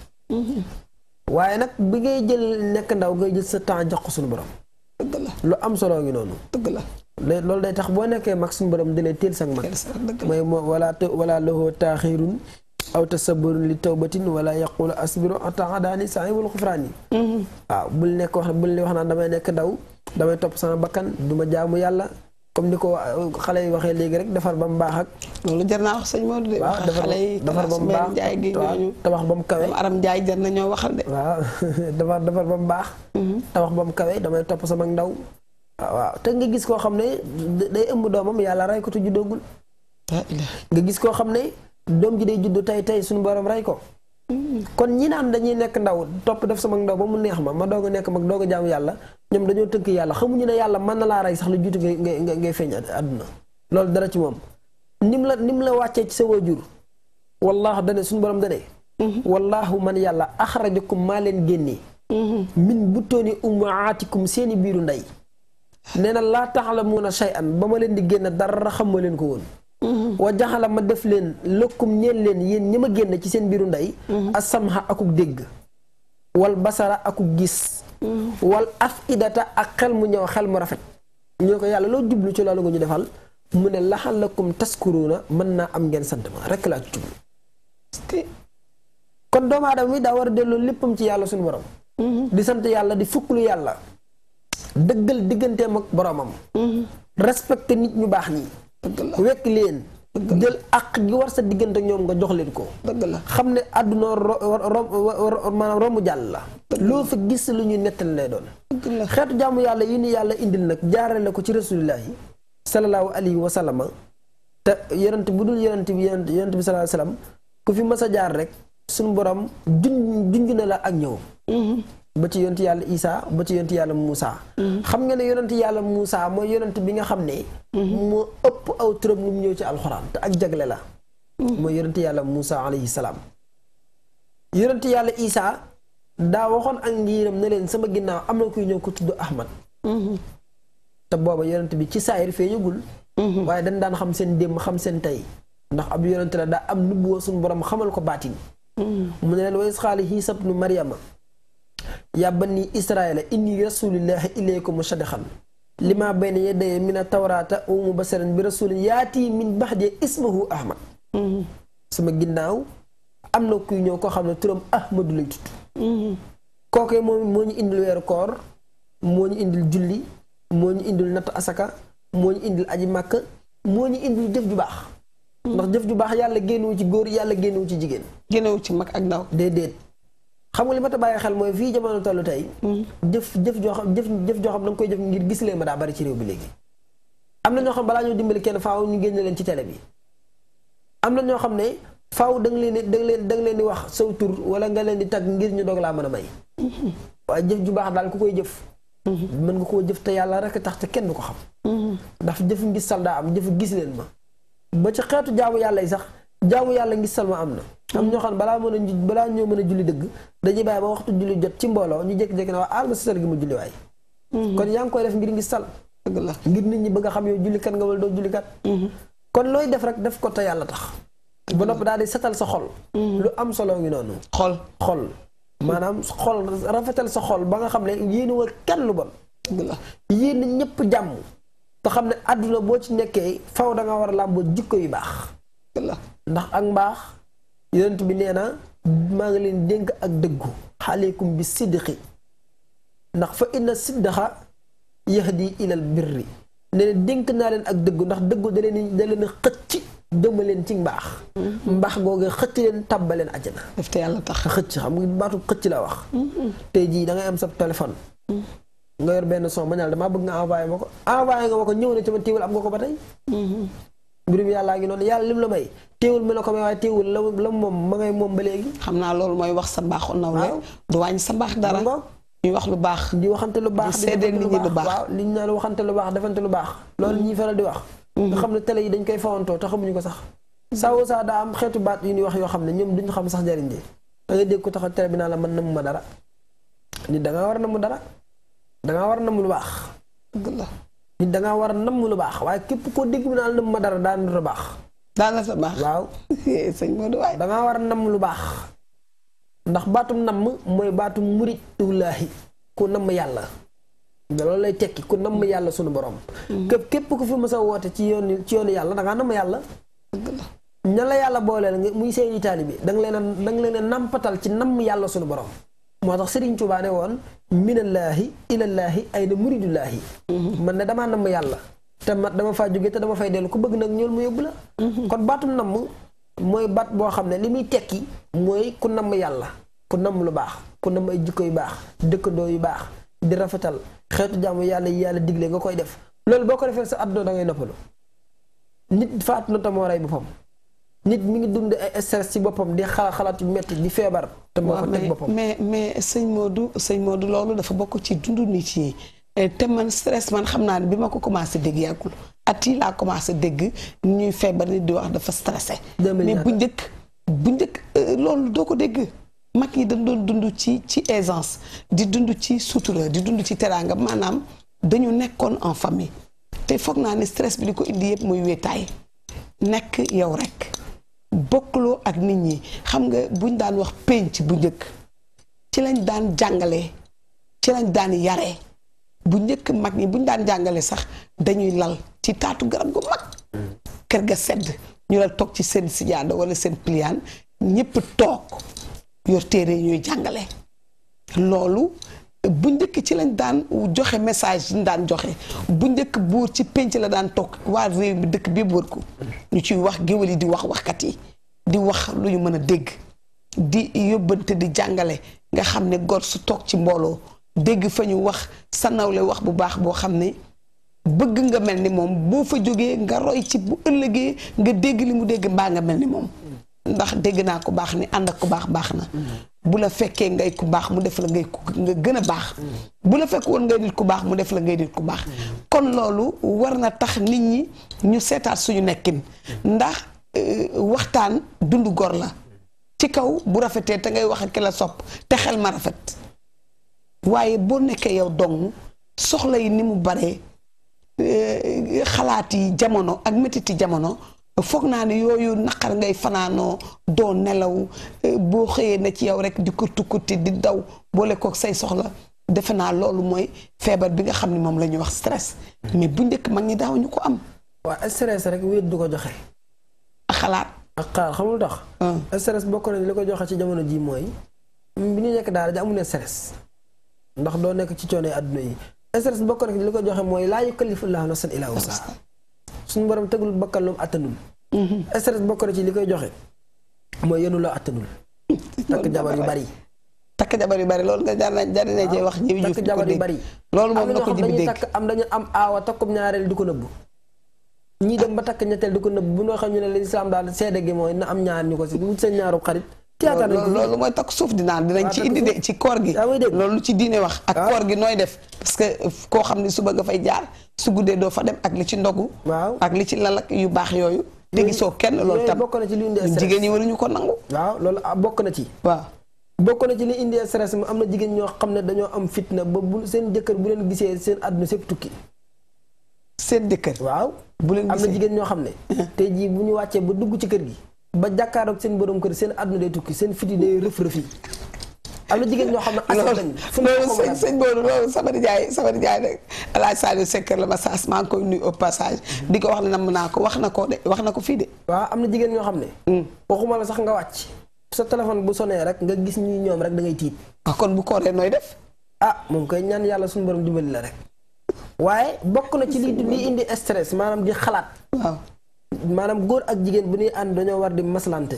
waaye nag bi ngay jël nekk ndaw ngay jël sa temps jox ko suñu borom lu am solo ngi noonu dëgg la loolu day tax boo nekkee mag suñu borom di lay teel sag mag mooy moo wala wala loxoo taaxirun aw tasaburun li taw tawbatin wala yaqulu asbiru ataadaani saahibul xufraani waaw bul nekk wax bul li wax naan damay nekk ndaw damay topp sama bakkan du ma jaamu yàlla comme ni ko xale yi waxee léegi rek defar ba mu baax ak. loolu jar naa wax sëñ Maodo de. waaw defar defar ba mu tabax ba mu kawe. aram jaay jar na ñoo waxal de. waaw ba mu baax. Mhm. tabax ba mu kawe damay topp sama ndaw. waaw te nga gis koo xam ne day ëmb doomam yàlla rey ko juddoogul. nga gis koo xam ne. doom ji day juddu tey tey suñu borom rey ko kon ñi naan dañuy nekk ndaw topp def sama ndaw ba mu neex ma ma doog a nekk mag doog a jaamu yàlla ñoom dañoo tënk yàlla xamuñu ne yàlla mën na laa rey sax lu jiitu ngay ngay ngay feeñ àdduna loolu dara ci moom nim la nim la wàccee ci sa waajur wallaahu dane suñu borom dane wallaahu man yàlla axrajakum maa leen génnee min buttooni ummaatikum seeni biiru ndey nee na laa na taxalamuuna shay'an ba ma leen di génn dara xam ma leen ko woon Mm-hmm. wa jaxala ma def leen la kom ñeen leen yéen ñi ma génn ci seen biiru ndey mm-hmm. asamha akuk dégg wal basara akuk gis mm-hmm. wal afidata ak xel mu ñëw xel mu rafet ñoo ko yàlla loo jublu ci loolu nga ñu defal mu ne la kom laxalakum taskuruuna mën naa am ngeen sant ma rekk laa ci jublu kon doomu aadama bi daa war a delloo léppam ci yàlla suñu borom di sant yàlla di fukklu yàlla dëggal digganteem ak boromam respecté nit ñu baax ñi wekk leen jël àq gi war sa diggante ñoom nga jox leen ko dëgg la xam ne àdduna rom maanaam romb jàll la loo fa gis lu ñuy nettal lay doon xeetu jàmm yàlla yi ni yàlla indil nag jaarale ko ci rasulillahi sallallahu alayhi wa sallama te yonent bu dul yonent bi yonent bi sallallahu alayhi ku fi mas a jaar rek suñu borom junj junj na la ak ñëw mm-hmm. ba ci yonti yàlla Isa ba ci yonti yàlla Moussa. Mm-hmm. xam nga ne yonanti yàlla Moussa mooy yonant bi nga xam ne. moo mm-hmm. ëpp aw turam lu mu ñëw ci alxuraan te ak jagle la. Mm-hmm. mooy yonanti yàlla Moussa alayhi salaam. yàlla Isa daa waxoon ak ngiiram ne leen sama ginnaaw am na kuy ñëw ko tudd Ahmad. te booba yonant bi ci saayir feeñagul. waaye dañ daan xam seen démb xam seen tey ndax ab yonant la daa am nubbuwa suñu borom xamal ko baatin. mu ne leen wa isxaali hiisab nu indi yaa bani israila inni rasulillahi ilaykum musaddiqan lima bayna mi min atawrata wa mubashiran bi yaa rasulin yaati min baxdi ismuhu ahmad sama ginnaaw am na kuy ñëw koo xam ne turam ahmadu lay tudd kooke moom moo ñu indil weeru koor moo ñu indil julli moo ñu indil natt asaka moo ñu indil aji màkk moo ñu indil jëf ju baax ndax jëf ju baax yàlla génnewu ci góor yàlla génnewu ci jigéen génnewu ci mag ak ndaw déedéet xam nga li ma ta bàyyi xel mooy fii jamono tollu tey. Mm-hmm. jëf jëf joo xam jëf jëf joo xam da nga koy jëf ngir gis leen ma daa bari ci réew bi léegi. am na ñoo xam balaa ñoo dimbali kenn faaw ñu génne leen ci télé am na ñoo xam ne faaw da leen da leen da leen di wax saw wala nga leen di tag ngir ñu dog laa mën a may. Mm-hmm. waaye jëf ju baax daal ku koy jëf. Mm-hmm. mën nga koo jëf te yàlla rek tax te kenn du ko xam. ndax jëf ngis sal daa am jëf gis leen ma. ba ca xeetu jaamu yàlla yi sax jaamu yàlla ngis sal ma am na. am ñoo xam ne balaa mën a balaa ñoo a julli dëgg dañuy bàyyi ba waxtu julli jot ci mbooloo ñu jékki-jékki ne waa aal ma gi mu julli waay mm-hmm. kon yaa ngi koy def ngir ngi sal dëgg la ngir ñi bëgg a xam yow jullikat nga wala doo jullikat mm-hmm. kon looy def rek def ko te yàlla tax ba nopp daal di setal sa xol mm-hmm. lu am solo ngi noonu xol xol maanaam xol rafetal sa xol ba nga xam ne yéen wa kenn lu bon yéen ñëpp jàmm te xam ne àdduna boo ci nekkee faw da war a làmboo jikko yu baax ndax ak mbaax yonent bi nee na maa nga leen dénk ak dëggu xaaleykum bi siddiqi ndax fa inna siddaxa yahdi ilal birri nee na dénk naa leen ak dëggu ndax dëggu da leen da leen xëcc dëma leen ci mbaax mbaax googee xëcc leen tàbbaleen àjjana daf te yàlla tax xëcc xam nga baatu xëcc la wax te jii da ngay am sa téléphone nga yor benn son ba ñaal damaa bëgg nga envoyé ma ko envoyé nga ma ko ñëw na ci ma téewal am nga ko ba tey mbirum yàllaa ngi noonu yàlla lim la may teewul mi la ko may waaye teewul la la moom ma ngay moom ba léegi. xam naa loolu mooy wax sa baaxu nawle du wàññi sa baax dara. ñuy wax lu baax. di waxante lu baax di seedeel nit ñi lu li ñu naan waxante lu baax defante lu baax. loolu ñuy faral di wax. Mhm. nga xam ne télé yi dañ koy fawantoo te xamuñu ko sax. saa saa daa am xeetu baat yu ñuy wax yoo xam ne ñoom duñu xam sax njëriñ ji da ngay dégg ko taxal télé bi naa la mën na mu ma dara nit da nga war na mu dara da nga war na mu lu baax. nit war a namm lu baax waaye képp koo dégg mu naan ma dara daan lu baax. daan baax waaw. sëñ Modou war a namm lu baax. ndax baatum namm mooy baatum muridulaahi ku namm yàlla. loolu lay tekki ku namm yàlla sunu borom. Mm-hmm. képp képp ku fi mës a woote ci yoonu ci yoonu yàlla da ngaa namm yàlla. ña la yàlla booleel muy seeni taalibe da leen a leen nampatal ci namm yàlla sunu borom. moo tax Serigne Touba ne woon minallaahi ilallaahi ay na muridullaahi man ne damaa namm yàlla te ma dama faa jóge te dama fay dellu ku bëgg nag ñool mu yóbbu la kon baatum namm mooy baat boo xam ne li muy tekki mooy ku namm yàlla ku namm lu baax ku namm ay jikko yu baax dëkkandoo yu baax di rafetal xeetu jaamu yàlla yàlla digle nga koy def loolu boo ko defee sa àdduna dangay ngay noppalu nit faatu na tam moo rey boppam nit mu ngi dund ay stress ci boppam di xala xalaat yu metti di feebar. te moo ko teg boppam mais mais sëñ Modou sëñ Modou loolu dafa bokk ci dundu nit yi. Eh, te man stress man xam naa ne bi ma ko commencé dégg yàggul at yi laa commencé dégg ñuy feebar nit di wax dafa stressé. mais bu njëkk bu njëkk euh, loolu doo ko dégg. mag yi dañ dund ci ci aisance di dund ci sutura di dund ci teraanga maanaam dañu nekkoon en famille te foog naa ni stress bi di ko indi yëpp muy wéetaay nekk yow rek. bokkuloo ak nit ñi xam nga buñ daan wax pénc bu njëkk ci lañ daan jàngale ci lañ daan yare bu njëkk mag ñi buñ daan jàngale sax dañuy lal ci taatu garab gu mag kër ga sedd ñu la toog ci seen sijaada wala seen pliaan ñépp toog yor téere ñuy jàngale loolu bu njëkk ci lañ daan joxe message ñu daan joxe bu njëkk buur ci penc la daan toog waa réew mi dëkk bi wër ko ñu ciy wax géwél yi di wax waxkat yi di wax lu ñu mën a dégg di yóbbante di jàngale nga xam ne gor su toog ci mbooloo dégg fa ñu wax sa nawle wax bu baax boo xam ne bëgg nga mel ni moom boo fa jógee nga roy ci bu ëllëgee nga dégg li mu dégg mbaa nga mel ni moom ndax dégg naa ko baax ni ànd ak ko baax baax na bu la fekkee ngay ku baax mu def la ngay ku nga gën a baax bu la fekk woon ngay nit ku baax mu def la ngay nit ku baax kon loolu war na tax nit ñi ñu seetaat suñu nekkin ndax euh, waxtaan dundu gor la ci kaw bu rafetee te ngay wax ak ki la sopp te xel ma rafet waaye boo nekkee yow dong soxla yi ni mu baree euh, xalaat yi jamono ak metiti jamono foog naa ne yooyu naqar ngay fanaanoo doo nelaw eh, boo xëyee na ci yow rek di kurti kurti di daw boole kook say soxla defe naa loolu mooy feebar bi nga xam ne moom la ñuy wax stress mais bu njëkk mag ñi daaw ñu ko am. waaw stress rek wéet du ko joxe. xalaat. ak xalaat xamul tax. stress bokk na li ko joxe ci jamono jii mooy. bi ñu nekk daal di amuñu stress. ndax doo nekk ci coono adduna yi. stress bokk na li ko joxe mooy laa yukallifu llaahu nafsan illaa wusahaa suñu borom tegul bakkan lu mu attanul. stress bokk na ci li koy joxe mooy yenu la attanul. takk jabar yu bari. takk jabar yu bari loolu nga jaar nañ jaar nañ wax. jiw jiw takk yu bari. loolu moom na ko jiw dégg am dañu am aawa takkum ñaareel di ko nëbbu. ñii dem ba takk ñetteel di ko nëbbu bu ñu waxee ñu ne lislaam daal seede gi mooy na am ñaar ñu ko si wut seen ñaaru xarit. théâtre nañ loolu mooy takk suuf dinaa dinañ ci indi de ci koor gi loolu ci diine wax ak ah. koor gi nooy def parce que koo xam ne suba nga fay jaar su guddee doo fa dem ak li ci ndogu ak li ci lalak yu baax yooyu te gisoo kenn loolu tam bokk na ci li indi jigéen ñi waruñu ko nangu waaw loolu ah, bokk na ci waaw bokk na ci li indi stress mu am na jigéen ñoo xam ne dañoo am fitna ba seen jëkkër bu leen gisee seen àdduna sépp tukki seen jëkkër waaw bu leen gisee am na jigéen ñoo xam ne tey jii bu ñu wàccee ba dugg ci kër gi ba jàkkaaroog seen boroom kër seen àdduna day tukki seen fiti day rëf rëf yi am na jigéen ñoo xam ne askan lañu. fu mu nekk sëñ sëñ Bodo loolu Sabari Ndiaye Sabari Ndiaye nag El Hadj Saliou la ma saas maa ngi koy nuyu au passage. di ko wax ne nam naa ko wax na ko de wax na ko fii de. waaw am na jigéen ñoo xam ne. Hmm. waxuma la sax nga wàcc. sa téléphone bu sonné rek nga gis ñuy ñoom rek da ngay tiit. Ah, kon bu kooree nooy def. ah moom koy ñaan yàlla suñu borom dimbali la rek. waaye bokk na ci li li indi stress maanaam di xalaat. waaw. maanaam góor ak jigéen bu ñuy ànd dañoo war di maslante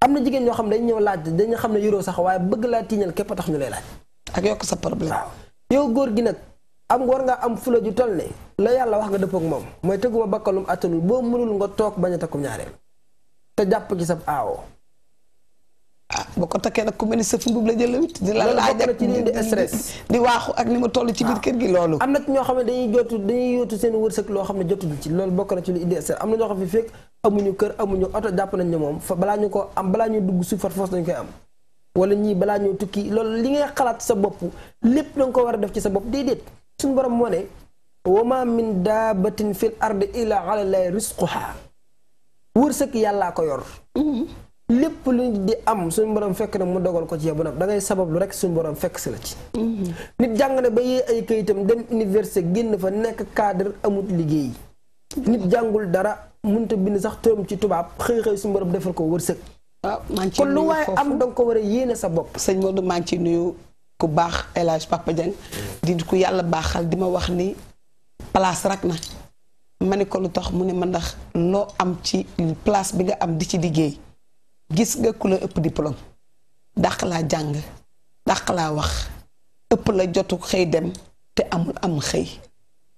am na jigéen ñoo xam ne dañ ñëw laaj dañu xam ne yuroo sax waaye bëgg laa tiiñal képp a tax ñu lay laaj. ak yokk sa laa yow góor gi nag am war ngaa am fulo ju toll ne. la yàlla wax nga dëppoo moom. mooy tëgguma bakkalum attanul boo mënul nga toog bañ a takkum ñaareel. te jàpp ci sa aawoo. ah boo ko takkee nag ku mel ni sa fundub la jël wit di la laaj ak di waaxu ak ni ma toll ci biir ah. kër gi loolu am na ñoo xam ne dañuy jootu dañuy yootu seen wërsëg loo xam ne jotuñu ci loolu bokk na ci lu indi stress am na ñoo xam ne fekk amuñu kër amuñu oto jàpp nañ ne moom fa balaa ñu ko am balaa ñu dugg suuf far dañ koy am wala ñii balaa ñu tukki loolu li ngay xalaat sa bopp lépp da nga ko war a def ci sa bopp déedéet suñu borom moo ne wa ma min daabatin fil ardi illa ala llahi risquha wërsëg yàllaa ko yor mm-hmm. lépp lu di am suñ borom fekk na mu dogal ko ci yow ba da sabablu rek suñu boroom fekk si la ci. Mhm. nit jàng ba yee ay kayitam dem université génn fa nekk cadre amut liggéey. nit jàngul dara mënut a bind sax turam ci tubaab xëy xëy suñu borom defal ko wërsëg. Ah, kon lu waaye am danga ko war a yéene sa bopp. sëñ Maodo maa ngi ciy nuyu ku baax El Hadj Papa Dieng di ku yàlla baaxal di ma wax ni place rak na. ma ne ko lu tax mu ne ma ndax loo am ci place bi nga am di ci liggéey. gis nga ku la ëpp diplôme dàq laa jàng dàq laa wax ëpp la jotu xëy dem te amul am xëy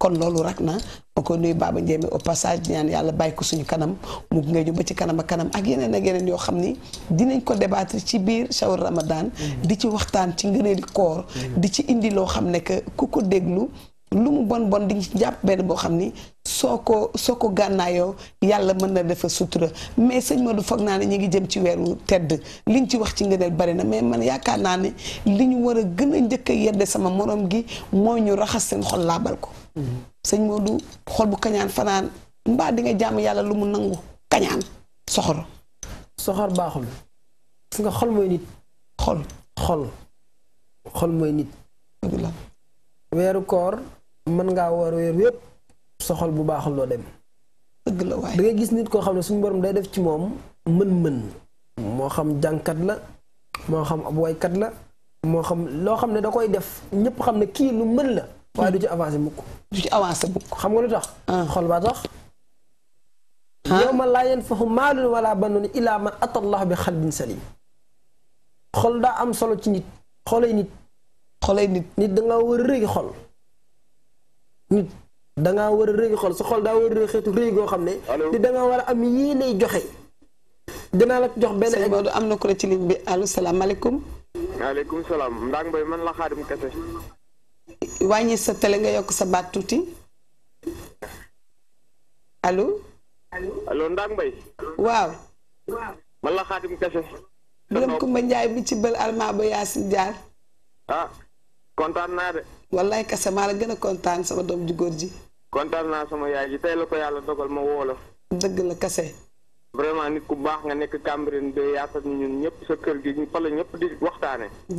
kon loolu rek na ma koy nuyu Baba Ndiémé au passage ñaan yàlla bàyyi ko suñu kanam mu ngi ñu ba ci kanam kanam ak yeneen ak yeneen yoo xam ni dinañ ko débattre ci biir shawar Ramadan. Mm. di ci waxtaan ci ngëneeli koor. Mm. di ci indi loo xam ne que ku ko déglu. lu mu bon bon di jàpp benn boo xam ni soo ko soo ko gànnaayoo yàlla mën na defa sutura mais sëñ du foog naa ne ñu ngi jëm ci weeru tedd li nga ci wax ci ngëneel bari na mais man yaakaar naa ne li ñu war a gën njëkk a sama morom gi mooy ñu raxas seen xol laabal ko sëñ Modou kañaan fanaan mbaa di nga jàmm yàlla lu mu nangu kañaan soxor soxor baaxul su nga xol mooy nit xol xol xol mooy nit weeru koor mën ngaa woor weer wépp soxol bu baaxul loo dem. dëgg la waaye ngay gis nit koo xam ne suñu borom day def ci moom mën-mën. moo xam jànkat la moo xam ab waykat la moo xam loo xam ne da koy def ñëpp xam ne kii lu mën la. waaye du ci avancer mukk du ci avancé mukk xam nga lu tax. Ah. xol baa tax. Ah. yow ma laa yanfahu maalun wala banun illaa man ata Allah bi xalbin salim xol daa am solo ci nit. xolay nit. xolay nit nit da nga war a rëy xol. nit da nga wara a xol sa xol da wara a xetu xeetu go xamne di da nga wara a am yéenay joxe. dina la jox ben sëñ Maodo am na ci ligne bi allo salaamaaleykum. alaykum salam Ndang bay man la khadim Kese. wañi sa tele nga yok sa bat tuuti. allo. allo Ndang Mbaye. waw man la Xaadim dem ko ma Njaay bi ci bël alma ba Yaasin Jaar. ah kontaan na de wallahi kasse maa la gën a sama dom ju gor ji. contane na sama yaay ji tay la ko yalla dogal ma wolo deug la kasse vraiment nit ku bax nga nek Cambérène de yaatal ni ñun ñepp sa kër gi ñu fa la ñëpp di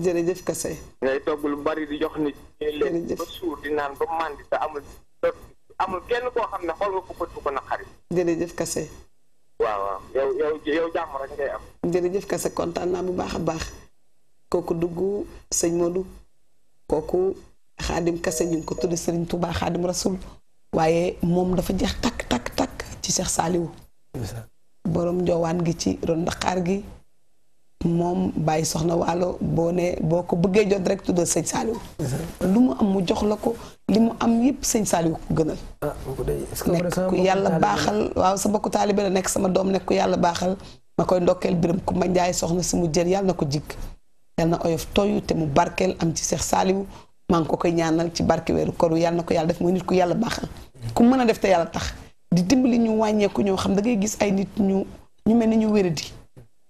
jere jërëjëf kasse ngay togg lu bari di jox nit. jërëjëf ba suur di naan ba mandi te amul amul kenn ko xamne xol nga ko ko ko na naqari. jere kase. kasse waaw yow yow yow jamm rek ngay am. jere jërëjëf kasse contane na bu baax a baax kooku dugg sëñ Modou koku xaadim kase ñu ngi ko tudd Serigne Touba xaadim rasul waaye moom dafa jeex takk takk takk ci seex Saliou boroom njoowaan gi ci ron Dakar gi moom bàyyi soxna waalo boo ne boo ko bëggee jot rek tuddal sëñ Saliou lu mu am mu jox la ko li mu am yépp sëñ Saliou ko gënal ah, nekk ku yàlla baaxal waaw sa bokku taalibe la nekk sama doom nekk ku yàlla baaxal ma koy ndokkeel biram ku ma njaay soxna si mu jël yàlla na ko jikk yàlla na oyof toyu te mu barkeel am ci seex Saliou maa ngi ko koy ñaanal ci barke weeru koor wi na ko yàlla def mooy nit ku yàlla baaxal ku mën a def te yàlla tax di dimbali ñu wàññeeku ñoo xam da ngay gis ay nit ñu ñu mel ni ñu wéradi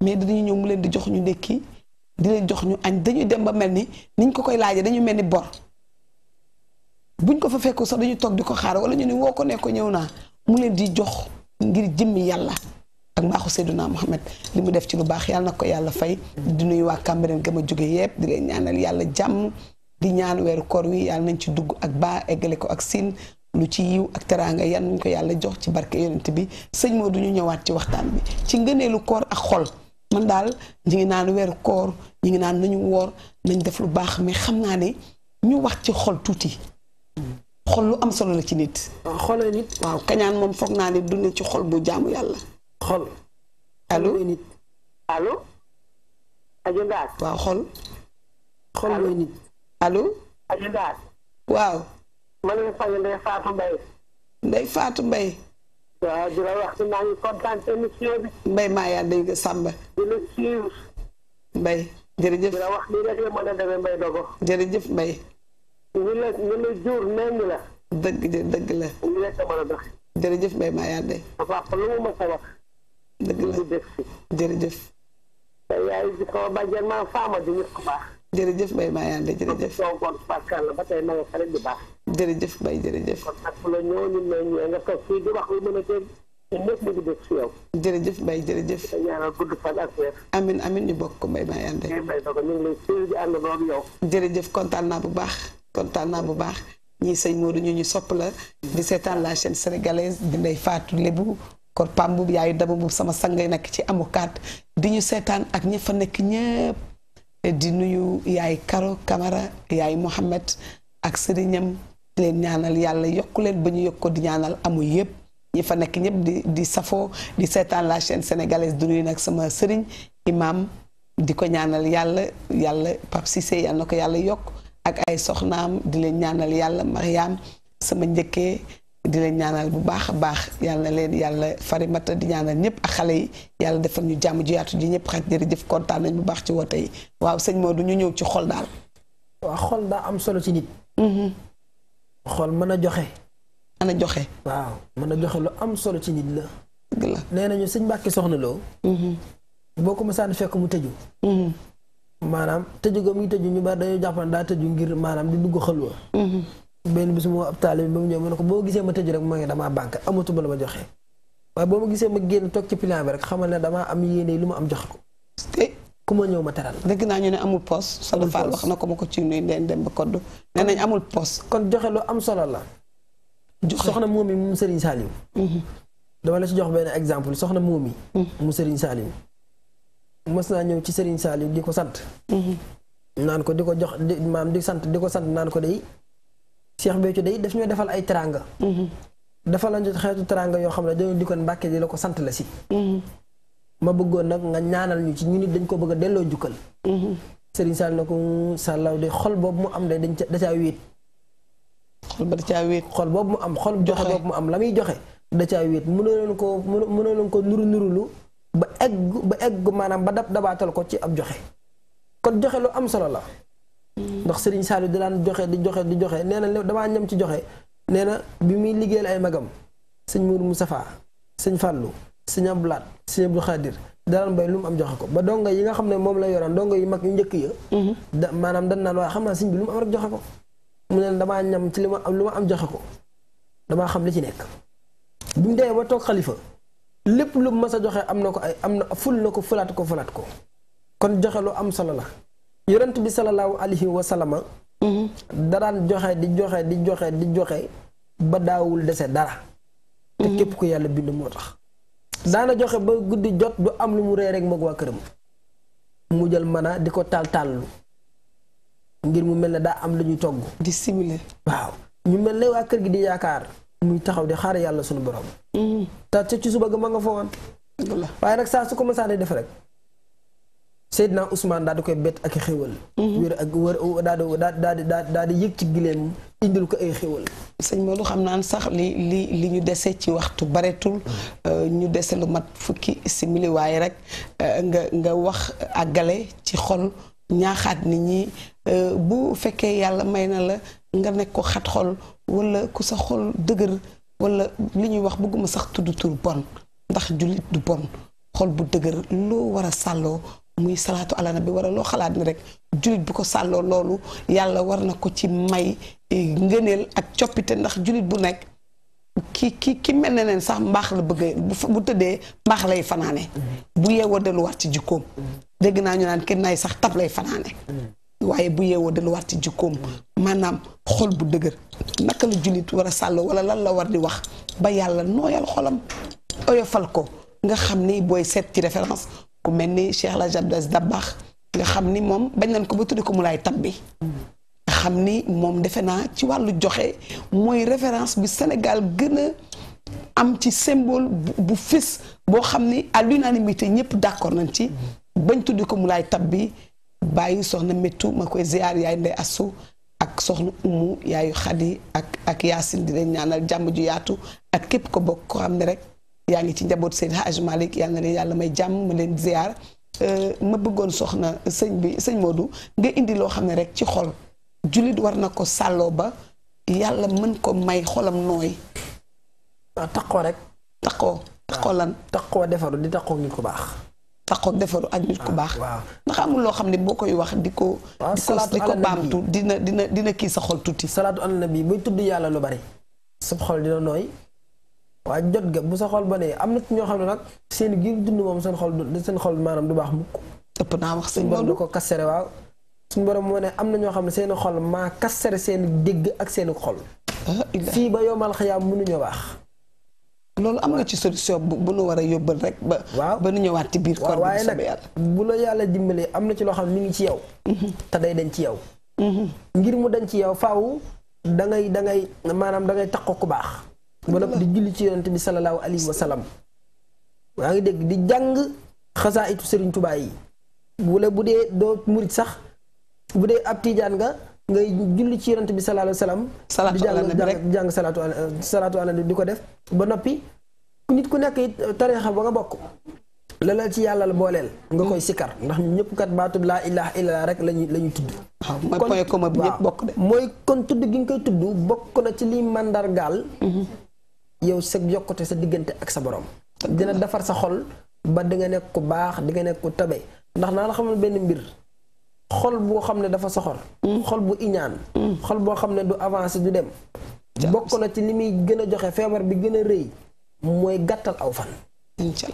mais dañuy ñëw mu leen di jox ñu ndékki di leen jox ñu añ dañuy dem ba mel ni niñ ko koy laajee dañu mel ni bor buñ ko fa fekku sax dañu toog ko xaar wala ñu ne woo ko ne ñëw naa mu leen di jox ngir jëmmi yàlla ak mbaaxu Seydunaa Muhammad li mu def ci lu baax yàlla na ko yàlla fay di nuyu waa Cambérène gëm jóge yëpp di leen ñaanal yàlla jàmm di ñaan weeru koor wi yàlla nañ ci dugg ak baa eggale ko ak siin lu ci yiw ak teraanga yan nañ ko yàlla jox ci barke yonent bi sëñ moo du ñu ñëwaat ci waxtaan bi ci ngëneelu koor ak xol man daal ñi ngi naan weeru koor ñi ngi naan nañu woor nañ def lu baax mais xam naa ne ñu wax ci xol tuuti xol lu am solo la ci nit waaw xol nit waaw kañaan moom foog naa ne du ci xol bu jaamu yàlla xol allo nit allo ajo ndaar waaw xol xol nit allo. Adji Sarr. waaw. man la Faye Ndeye Fatou Mbaye. Ndeye Fatou Mbaye. maa ngi kontaan ci émission bi. di la suivre. Mbaye jërëjëf di la a demee ñu la ñu la jur meññ la. dëgg dëgg la. ñu la mën a dox. jërëjëf Mbaye maa yaa dégg. papa lu dëgg la jërëjëf bay Mayande jërëjëf. kon kon Pascal la ba tey ma nga baax. jërëjëf Mbaye jërëjëf. kon ak la ñooñu ne nga toog fii di wax lu mën a teel ñun ñëpp ñu yow. jërëjëf bay jërëjëf. ñaanal gudd fan ak weer. amiin amiin ñu bokk bay Mayande. ñu ngi lay sëñ bi ànd yow. jërëjëf kontaan naa bu baax kontaan naa bu baax ñii sëñ Modou ñu ñu sopp la. di la chaîne sénégalaise di Fatou sama sang ngay nekk di ñu seetaan ak ñi fa di nuyu yaay Karo Camara yaay Mohamed ak sëriñam leen ñaanal yàlla yokku leen ba ñu yokk ko di ñaanal amu yëpp ñi fa nekk ñëpp di di safoo di seetaan la chaîne sénégalaise di nag sama sëriñ imam di ko ñaanal yàlla yàlla Pape Cissé yàlla na ko yàlla yokk ak ay soxnaam di leen ñaanal yàlla Mariam sama njëkkee di leen ñaanal bu baax a baax yàlla na leen yàlla farimata di ñaanal ñëpp a xale yi yàlla defal ñu jàmm ju yaatu ji ñëpp xaj jërëjëf kontaan nañ bu baax ci woote yi waaw sëñ Modou ñu ñëw ci xol daal. waaw xol daa am solo ci nit. Mm-hmm. a joxe. mën a joxe. waaw mën a joxe lu am solo la. dëgg la nee nañu sëñ Mbàkke soxna loo. Mm-hmm. boo ko mësaan fekk mu tëju. Mm-hmm. maanaam tëju ga muy tëju ñu bari dañoo jàpp daa tëju ngir maanaam di dugg xalwa benn bis moo ab taalibe ba mu ñëw mu ko boo gisee ma tëj rek ma ngi damaa banque amatuma la ma joxe waaye boo ma gisee ma génn toog ci plan rek xamal ne damaa am yéene lu ma am jox ko ku ma ñëw ma teral dëgg naa ñu ne amul pos na ko ma ko ci nuy leen dem ba kodd nee nañ amul pos kon joxe lu am solo la soxna moom mm-hmm. yi la ci jox benn exemple soxna moom mm-hmm. yi mu Serigne Saliou mës naa ñëw ci Serigne Saliou di ko sant mm-hmm. naan ko di ko jox maam di sant di ko sant naan ko day Cheikh Béthio day daf ñoo defal ay teranga mm-hmm. dafa lañu xeetu teranga yoo xam ne dañoo dikkoon Mbàkke di la ko sant la si mm-hmm. ma bëggoon nag nga ñaanal ñu ci ñu nit dañ ko bëgg delloo njukkal mm-hmm. Serigne Sall na ko sàllaw de xol boobu mu am de dañ da caa wéet xol ba boobu mu am xol joxe boobu mu am la muy joxe da caa wéet mënoon ko mënoon ko nuru lu ba egg ba egg maanaam ba dab dabaatal ko ci ab joxe kon joxe lu am solo la ndax Serigne Saliou di daan joxe di joxe di joxe nee na damaa ñam ci joxe nee na bi muy liggéeyal ay magam sëñ muur mu safaa sëñ Fallou sëñ Abdou Lahat sëñ Abdou Khadir daan bay lu mu am joxe ko ba dongo yi nga xam ne moom la yoroon dongo yu mag yu njëkk ya mhm. maanaam dan naan waaye xam naa sëñ bi lu mu am joxe ko mu ne damaa ñam ci li ma am lu ma am joxe ko damaa xam li ci nekk bu mu dee ba toog xalifa lépp lu mu mas a joxe am na ko ay am na ful na ko fulaat ko fulaat ko kon joxe lu am solo la yonent bi salallaahu alayhi wa salama mm-hmm. da joxe di joxe di joxe di joxe ba daawul dese dara te mm-hmm. képp ku yàlla bind moo tax daana joxe ba guddi jot du am lu mu ree rek moog waa këram mu jël mën a di ko taal taallu ngir mu mel ne daa am lu ñuy togg di simuler waaw ñu mel ne waa kër gi di yaakaar muy taxaw di xaar yàlla sunu borom mm-hmm. te ci suba ga ma nga fa woon waaye nag saa su ko mësaanee def rek Seydina Ousmane daal di koy bett ak xéwal. Mhm. wér ak wër daal di daal di daal di yëg ci gileem indil ko ay xéwal. sëñ Modou xam naan sax li li li ñu dese ci waxtu bareetul euh, ñu dese lu mat fukki simili waaye rek euh, nga nga wax àggale ci xol ñaaxaat nit ñi euh, bu fekkee yàlla may na la nga nekk ko xat xol wala ku sa xol dëgër wala li ñuy wax bëgguma sax tudd tur bon ndax jullit du bon xol bu dëgër loo war a sàlloo. muy salaatu ala nabi wala loo xalaat ni rek jullit bu ko sàlloo loolu yàlla war na ko ci may eh, ngëneel ak coppite ndax julit bu nekk ki ki ki mel na neen sax mbaax la bëgg bu tëddee mbaax lay fanaane bu yeewoo delluwaat ci jikkoom dégg naa ñu naan kenn nay sax tab lay fanaane bu yeewoo delluwaat ci jikkoom maanaam xol bu dëgër naka la jullit war a sàlloo wala lan la war di wax ba yàlla nooyal xolam oyofal ko nga xam ni booy seet ci référence ku mel ni Cheikh El Hadj Abdass Dabakh nga xam ni moom bañ nañ ko ba tudde ko mu laay tab bi nga xam ni moom defe naa ci wàllu joxe mooy référence bi Sénégal gën a am ci symbole bu fis boo xam ni à l'unanimité ñëpp d'accord nañ ci bañ tudde ko mu laay tab bi bàyyi soxna méttu ma koy ziar yaay ndey assu ak soxna umu yaayu xadi ak ak yaasin di leen ñaanal jàmm ju yaatu ak képp ko bokk ko xam ne rek yaa ngi ci njaboot seen Hadj Malick yal na leen yàlla may jàmm ma leen ziar euh, ma bëggoon soxna sëñ bi sëñ Modou nga indi loo xam ne rek ci xol jullit war na ko sàlloo ba yàlla mën ko may xolam nooy. waaw taxoo rek. taxoo taxoo lan. taxoo defaru di taxoo nit ku baax. taxoo defaru ak nit ku baax. ndax amul loo xam ne boo koy wax di ko. di ko di ko baamtu dina dina dina kii sa xol tuuti. salaatu na nabi buy tudd yàlla lu bari. sa xol dina nooy. waaye jot ga bu sa xol ba nee am na ñoo xam ne nag seen giir dund moom seen xol seen xol maanaam du baax mukk ëpp naa wax ko kastere waaw suñu borom moo ne am na ñoo xam ne seen xol maa kastere seen dégg ak seen xol ah, fii ba yowmal xiyaam mënuñoo baax loolu am nga ci solution bu nu war a yóbbal rek ba waaw ba nu ñëwaat ci biir koor waaye nag bu la yàlla dimbalee am na ci loo xam ne mi ngi ci yow mm-hmm. te day dañ ci yow mm-hmm. ngir mu dañ ci yow faaw da ngay da ngay maanaam da ngay taqoo ku baax ba noppi di julli bi salallaahu alayhi wa salaam yaa ngi dégg di jàng xasaayitu Serigne Touba yi wala bu dee doo murit sax bu dee ab tijaan nga ngay julli ci yonent bi salallaahu alayhi wa salaam di jàng jàng salaatu salaatu ala di ko def ba noppi nit ku nekk tariixa ba nga bokk la ci yàlla la booleel nga koy sikkar ndax ñu ñëpp kat baatub laa ilaha illallah rek lañu la ñuy tudd mooy point bi ñëpp bokk de mooy kon tudd gi nga koy tudd bokk na ci liy màndargaal mhm. yow sek yokkute sa digënté ak sa borom. dina dafar sa xol ba di nga nek ku baax di nga nek ku tabe ndax na la xamal ben mbir xol bo xamne dafa soxor. Mm. xol bu iñaan. Mm. xol bo xamne du avancer du dem. bokko na ci limi gëna joxe fever bi gëna reuy moy gattal aw fan. incha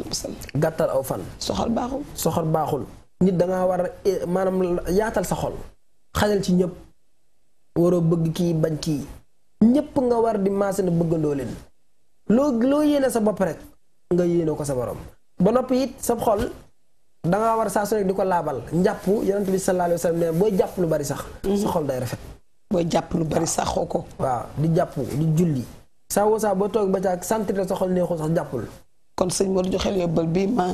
aw fan. soxal baaxul soxal baaxul. nit da nga war eh, manam yaatal sa xol. xalal ci waro bëgg ki bañ ki nga war di masse na bëggandoo loo loo yéene sa bopp rek nga yéene ko sa borom ba noppi it sa xol da war saa su nekk di ko laabal njàpp yonent bi sallallahu alayhi wa sallam booy jàpp lu bari sax. sa xol day rafet. booy jàpp lu bari sax xoo ko. waaw di jàpp di julli. saa woo saa boo toog ba caag sentir sa xol neexul sax jàppul. kon sëñ Modou joxeel yóbbal bi ma.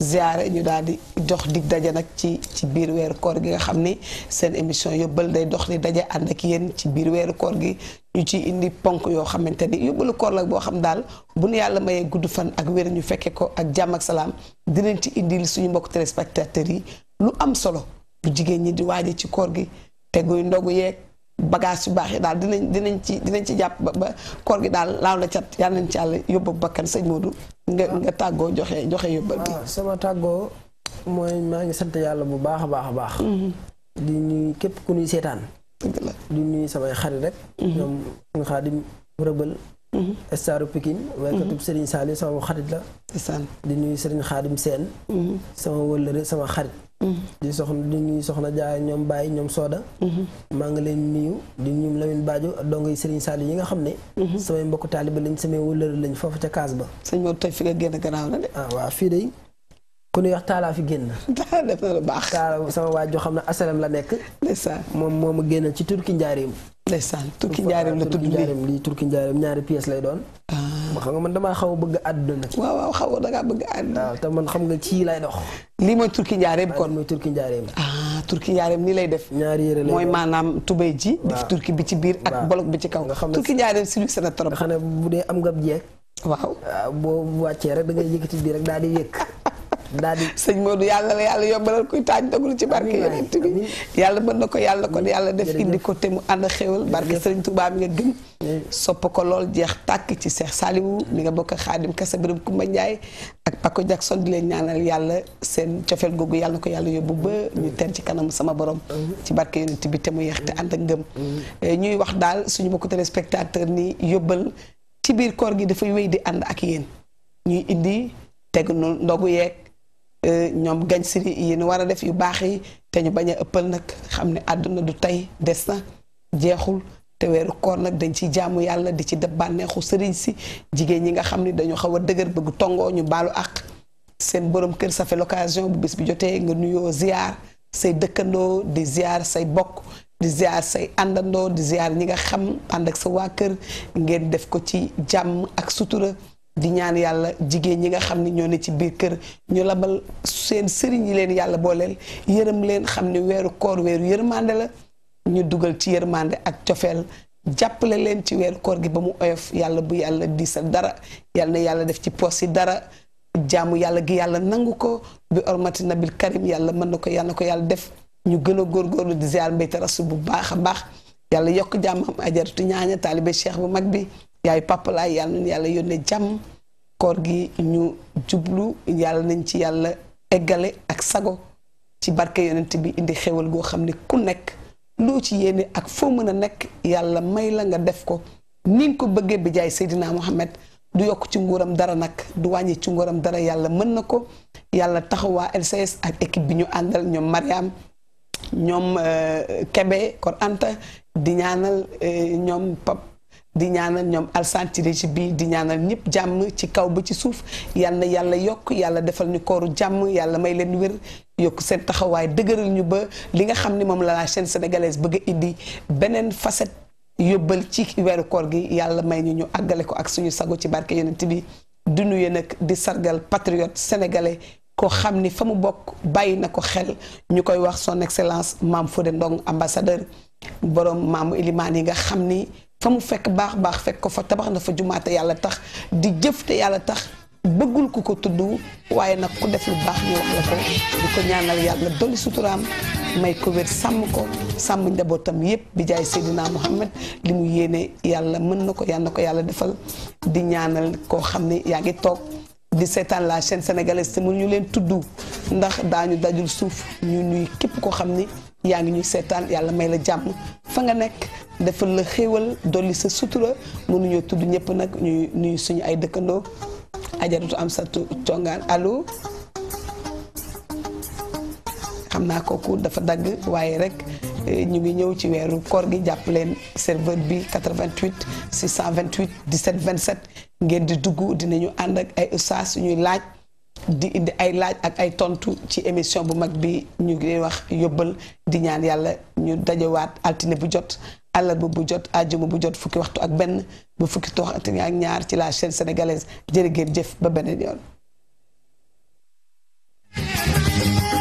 ziare ñu daal di dox di daje nag ci ci biir weeru koor gi nga xam ni seen émission yóbbal day dox di daje ànd ak yéen ci biir weeru koor gi ñu ci indi ponk yoo xamante ni yóbbalu koor la boo xam daal bu nu yàlla mayee gudd fan ak wér ñu fekkee ko ak jàmm ak salaam dinañ ci indi suñu mbokk téléspectateurs yi lu am solo bu jigéen ñi di waaje ci koor gi te teguy ndogu yeeg bagage yu baax yi daal dinañ dinañ ci dinañ ci jàpp ba ba koor gi daal laaw la cat yàlla nañ ci yàlla yóbbu bakkan sëñ Modou nga ah. nga joxe joxe yóbbal bi ah, sama tàggoo mooy maa ngi sant yàlla bu baax a baax a baax mm-hmm. di ñuy képp ku nuy seetaan di nuyu samay xarit rek. Mhm. ñoom nga xaadim rëbal. Estaaru mhm. Pikine. Mhm. waykatub Serigne Saliou sama xarit la. di nuyu Serigne Xaadim Seen. sama wëllëre sama xarit. di soxna di nuyu soxna Jaay ñoom Baye ñoom Soda. maa ngi leen nuyu di nuyu Lamine Badio dong yi Serigne Saliou yi nga xam ne. samay mbokku taaliba lañ samay wëllëre lañ foofu ca Kaas ba. sëñ Maodo tey fi nga génn gannaaw la de. Ah, waa fii de. ku ñuy wax taalaa fi génn. def na lu baax taala sama waajoo xam ne asalem la nekk. ndeysaan moom moo ma génn ci turki njaareem. ndeysaan turki njaareem la tudd lii lii turki njaareem ñaari pièces lay doon. Ah. man damaa xaw a bëgg àdduna nag. waaw xaw a dangaa bëgg àdduna. waaw man xam nga ci lay dox. lii mooy turki njaareem kon mooy turki njaareem. ah turki njaareem nii lay def. ñaari yére lay mooy maanaam tubéy ji. def turki bi ci biir ak bolok bi ci kaw. nga xam ne turki njaareem si lu si la trop. nga bu dee am nga jeeg. waaw ah, boo wàccee rek dangay ngay yëkkati bi rek daal di yëkk daal di sëñ Modou yàlla la yàlla yombalal kuy taaj doglu ci barke yonent bi yàlla mën na ko yàlla kon yàlla def indi ko te mu ànd xewal barke sëriñ Touba mi nga gëm sopp ko lool jeex tàkk ci Cheikh Saliou mi nga bokk xaadim kasa biram Kumba Ndiaye ak Paco Jackson di leen ñaanal yàlla seen cofeel googu yàlla ko yàlla yóbbu ba ñu ter ci kanam sama borom ci barke yonent bi te mu yeex te ànd ak ngëm eh, ñuy wax daal suñu mbokku téléspectateur ni yóbbal ci biir koor gi dafay wéy di ànd ak yéen ñuy indi tegu ndogu yeeg ñoom gañ si yi ñu war a def yu baax yi te ñu bañ a ëppal nag xam ne àdduna du tey des na jeexul te weeru koor nag dañ ciy jàmm yàlla di ci def bànneexu sëriñ si jigéen ñi nga xam ni dañu xaw a dëgër bëgg tongoo ñu baalu ak seen borom kër sa fait l'occasion bu bis bi jotee nga nuyoo ziar say dëkkandoo di ziar say bokk di ziar say àndandoo di ziar ñi nga xam ànd ak sa waa kër ngeen def ko ci jàmm ak sutura di ñaan yàlla jigéen ñi nga xam ni ñoo ne ci biir kër ñu labal seen sëriñ yi leen yàlla booleel yërëm leen xam ni weeru koor weeru yërmande la ñu dugal ci yërmande ak cofeel jàppale leen ci weeru koor gi ba mu oyof yàlla bu yàlla diisal dara yàlla na yàlla def ci poos yi dara jaamu yàlla gi yàlla nangu ko bi ormati nabil karim yàlla mën na ko yàlla ko yàlla def ñu gën a góorgóorlu di ziar mbéyte bu baax a baax yàlla yokk jàmmam ajaratu ñaaña taalibe cheikh bu mag bi yaay papa laay yàlla na jàmm koor gi ñu jublu yàlla nañ ci yàlla eggale ak sago ci barke yonent bi indi xewal goo xam ne ku nekk loo ci yéene ak foo mën a nekk yàlla may la nga def ko ni ko bëggee bi jaay Seydina Mohamed du yokk ci nguuram dara nag du wàññi ci nguuram dara yàlla mën na ko yàlla taxawaa LCS ak équipe bi ñu àndal ñoom Mariam ñoom euh, Kebe Kor Anta di ñaanal euh, ñoom pap di ñaanal ñoom alsantiri ci biir di ñaanal ñëpp jàmm ci kaw ba ci suuf yal na yàlla yokk yàlla defal ñu kooru jàmm yàlla may leen wér yokk seen taxawaay dëgëral ñu ba li nga xam ni moom la la chaîne bëgg indi beneen facette yóbbal ci weeru koor gi yàlla may ñu ñu àggale ko ak suñu sago ci barke yonent bi du nuyu nag di sargal patriote sénégalais ko xam ni fa mu bokk bàyyi na ko xel ñu koy wax son excellence maam Fodé Ndong ambassadeur borom maamu yi nga fa mu fekk baax baax fekk ko fa tabax na fa jumaa yàlla tax di jëf te yàlla tax bëggul ku ko tudd waaye nag ku def lu baax ñu wax la ko di ko ñaanal yàlla dolli suturaam may ko wér sàmm ko sàmm njabootam yépp bi jaay Seydina Muhammad li mu yéene yàlla mën na ko yàlla ko yàlla defal di ñaanal koo xam ne yaa ngi toog di seetaan la chaîne sénégalaise te mënuñu leen tudd ndax daañu dajul suuf ñu nuy képp koo xam ni yaa ngi ñuy seetaan yàlla may la jàmm fa nga nekk defal la xéewal dolli sa sutura mënuñoo tudd ñëpp nag ñuy nuyu suñu ay dëkkandoo ajaratu am satu congaan allo xam naa kooku dafa dagg waaye rek eh, ñu ngi ñëw ci weeru koor gi jàpp leen serveur bi 88 628 vingt 27 ngeen di dugg dinañu ànd ak ay ustaas suñuy laaj di indi ay laaj ak ay tontu ci émission bu mag bi ñu ngi wax yóbbal di ñaan yàlla ñu dajewaat altine bu jot àllarba bu jot àjjuma bu jot fukki waxtu ak benn bu fukki at ak ñaar ci la chaîne sénégalaise jërë ngeen jëf ba beneen yoon.